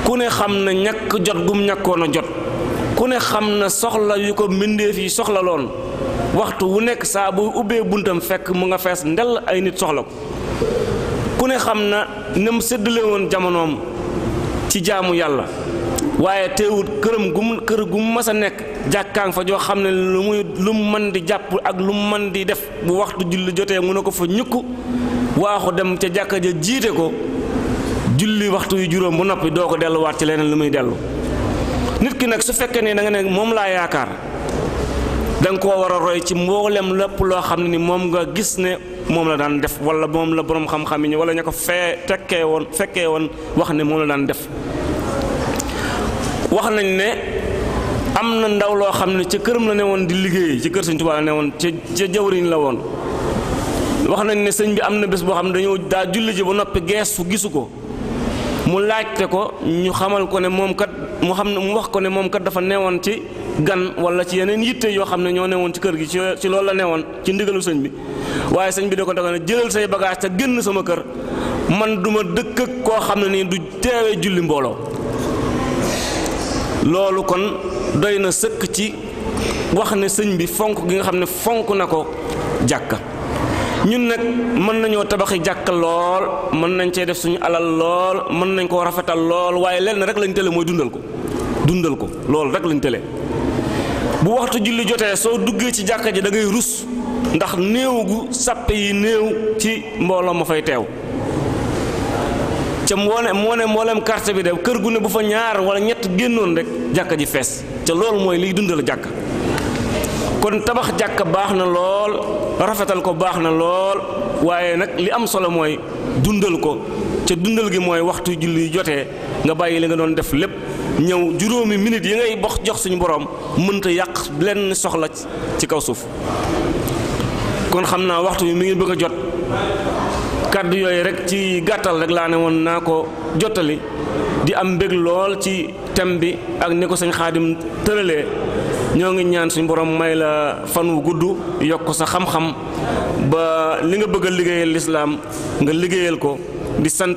ku ne xam na ñàkk jot gum ñàkkoon a jot ku ne xam na soxla yu ko mbindeef yi soxla loon waxtu wu nekk saa bu ubbee buntam fekk mu nga fees ndel ay nit soxla ko ku ne xam na nem séddale woon jamonoom ci jaamu yàlla waaye teewut këram gum kër gum mas a nekk jàkkaang fa joo xam ne lu muy lu mën di jàpp ak lu mën di def bu waxtu julli jotee mu ne ko fa ñukk waaxu dem ca jàkka ja jiite ko julli waxtu yu juróom bu noppi doo ko delluwaat ci leneen lu muy dellu nit ki nag su fekkee ne da nga ne moom laa yaakaar da nga koo war a roy ci mboolem lépp loo xam ne ni moom nga gis ne moom la daan def wala moom la borom xam-xam yi wala ña ko fee tekkee woon fekkee woon wax ne moom la daan def wax nañ ne am na ndaw loo xam ne ci këram la ne woon di liggéey ci kër sëñ tubaa la ne woon ca jawriñ la woon wax nañ ne sëñ bi am na bés boo xam ne dañoo daa julli ji ba noppi geesu gisu ko mu laajte ko ñu xamal ko ne moom kat mu xam ne mu wax ko ne moom kat dafa newoon ci gan wala ci yeneen yitte yoo xam ne ñoo newoon ci kër gi ci ci loolu la newoon ci ndigalu sëñ bi waaye sëñ bi da ko da ne jëlal say bagage te génn sama kër man duma dëkk koo xam ne nii du teewee julli mbooloo loolu kon doy na sëkk ci wax ne sëñ bi fonk gi nga xam ne fonk na ko jàkka ñun nag mën nañoo tabaxi jàkk lool mën nañ cee def suñu alal lool mën nañ koo rafetal lool waaye lenn rek lañ tële mooy dundal ko dundal ko loolu rek lañ tële bu waxtu julli jotee soo duggee ci jàkka ji da ngay rus ndax néew gu sàppe yi néew ci mbooloo ma fay teew ca moo ne moo ne mboolem quartier bi de kër gu ne bu fa ñaar wala ñett génnoon rek jàkka ji fees ca loolu mooy liy dundal jàkka kon tabax jàkk baax na lool rafetal ko baax lol lool waaye nag li am solo mooy dundal ko ca dundal gi mooy waxtu julli jotee nga bàyyi li nga doon def lépp ñëw juróomi minute yi ngay box jox suñu borom mënta yàq lenn soxla ci kaw suuf kon xam waxtu mi ngi bëgg jot kàddu yooyu rek ci gàttal rek laa ne woon naa ko di am mbég lool ci tem bi ak ni ko sañ xaadim ñoo ngi ñaan suñu borom may la fan wu gudd yokk sa xam-xam ba li nga bëgg a liggéeyal lislaam nga liggéeyal ko di sant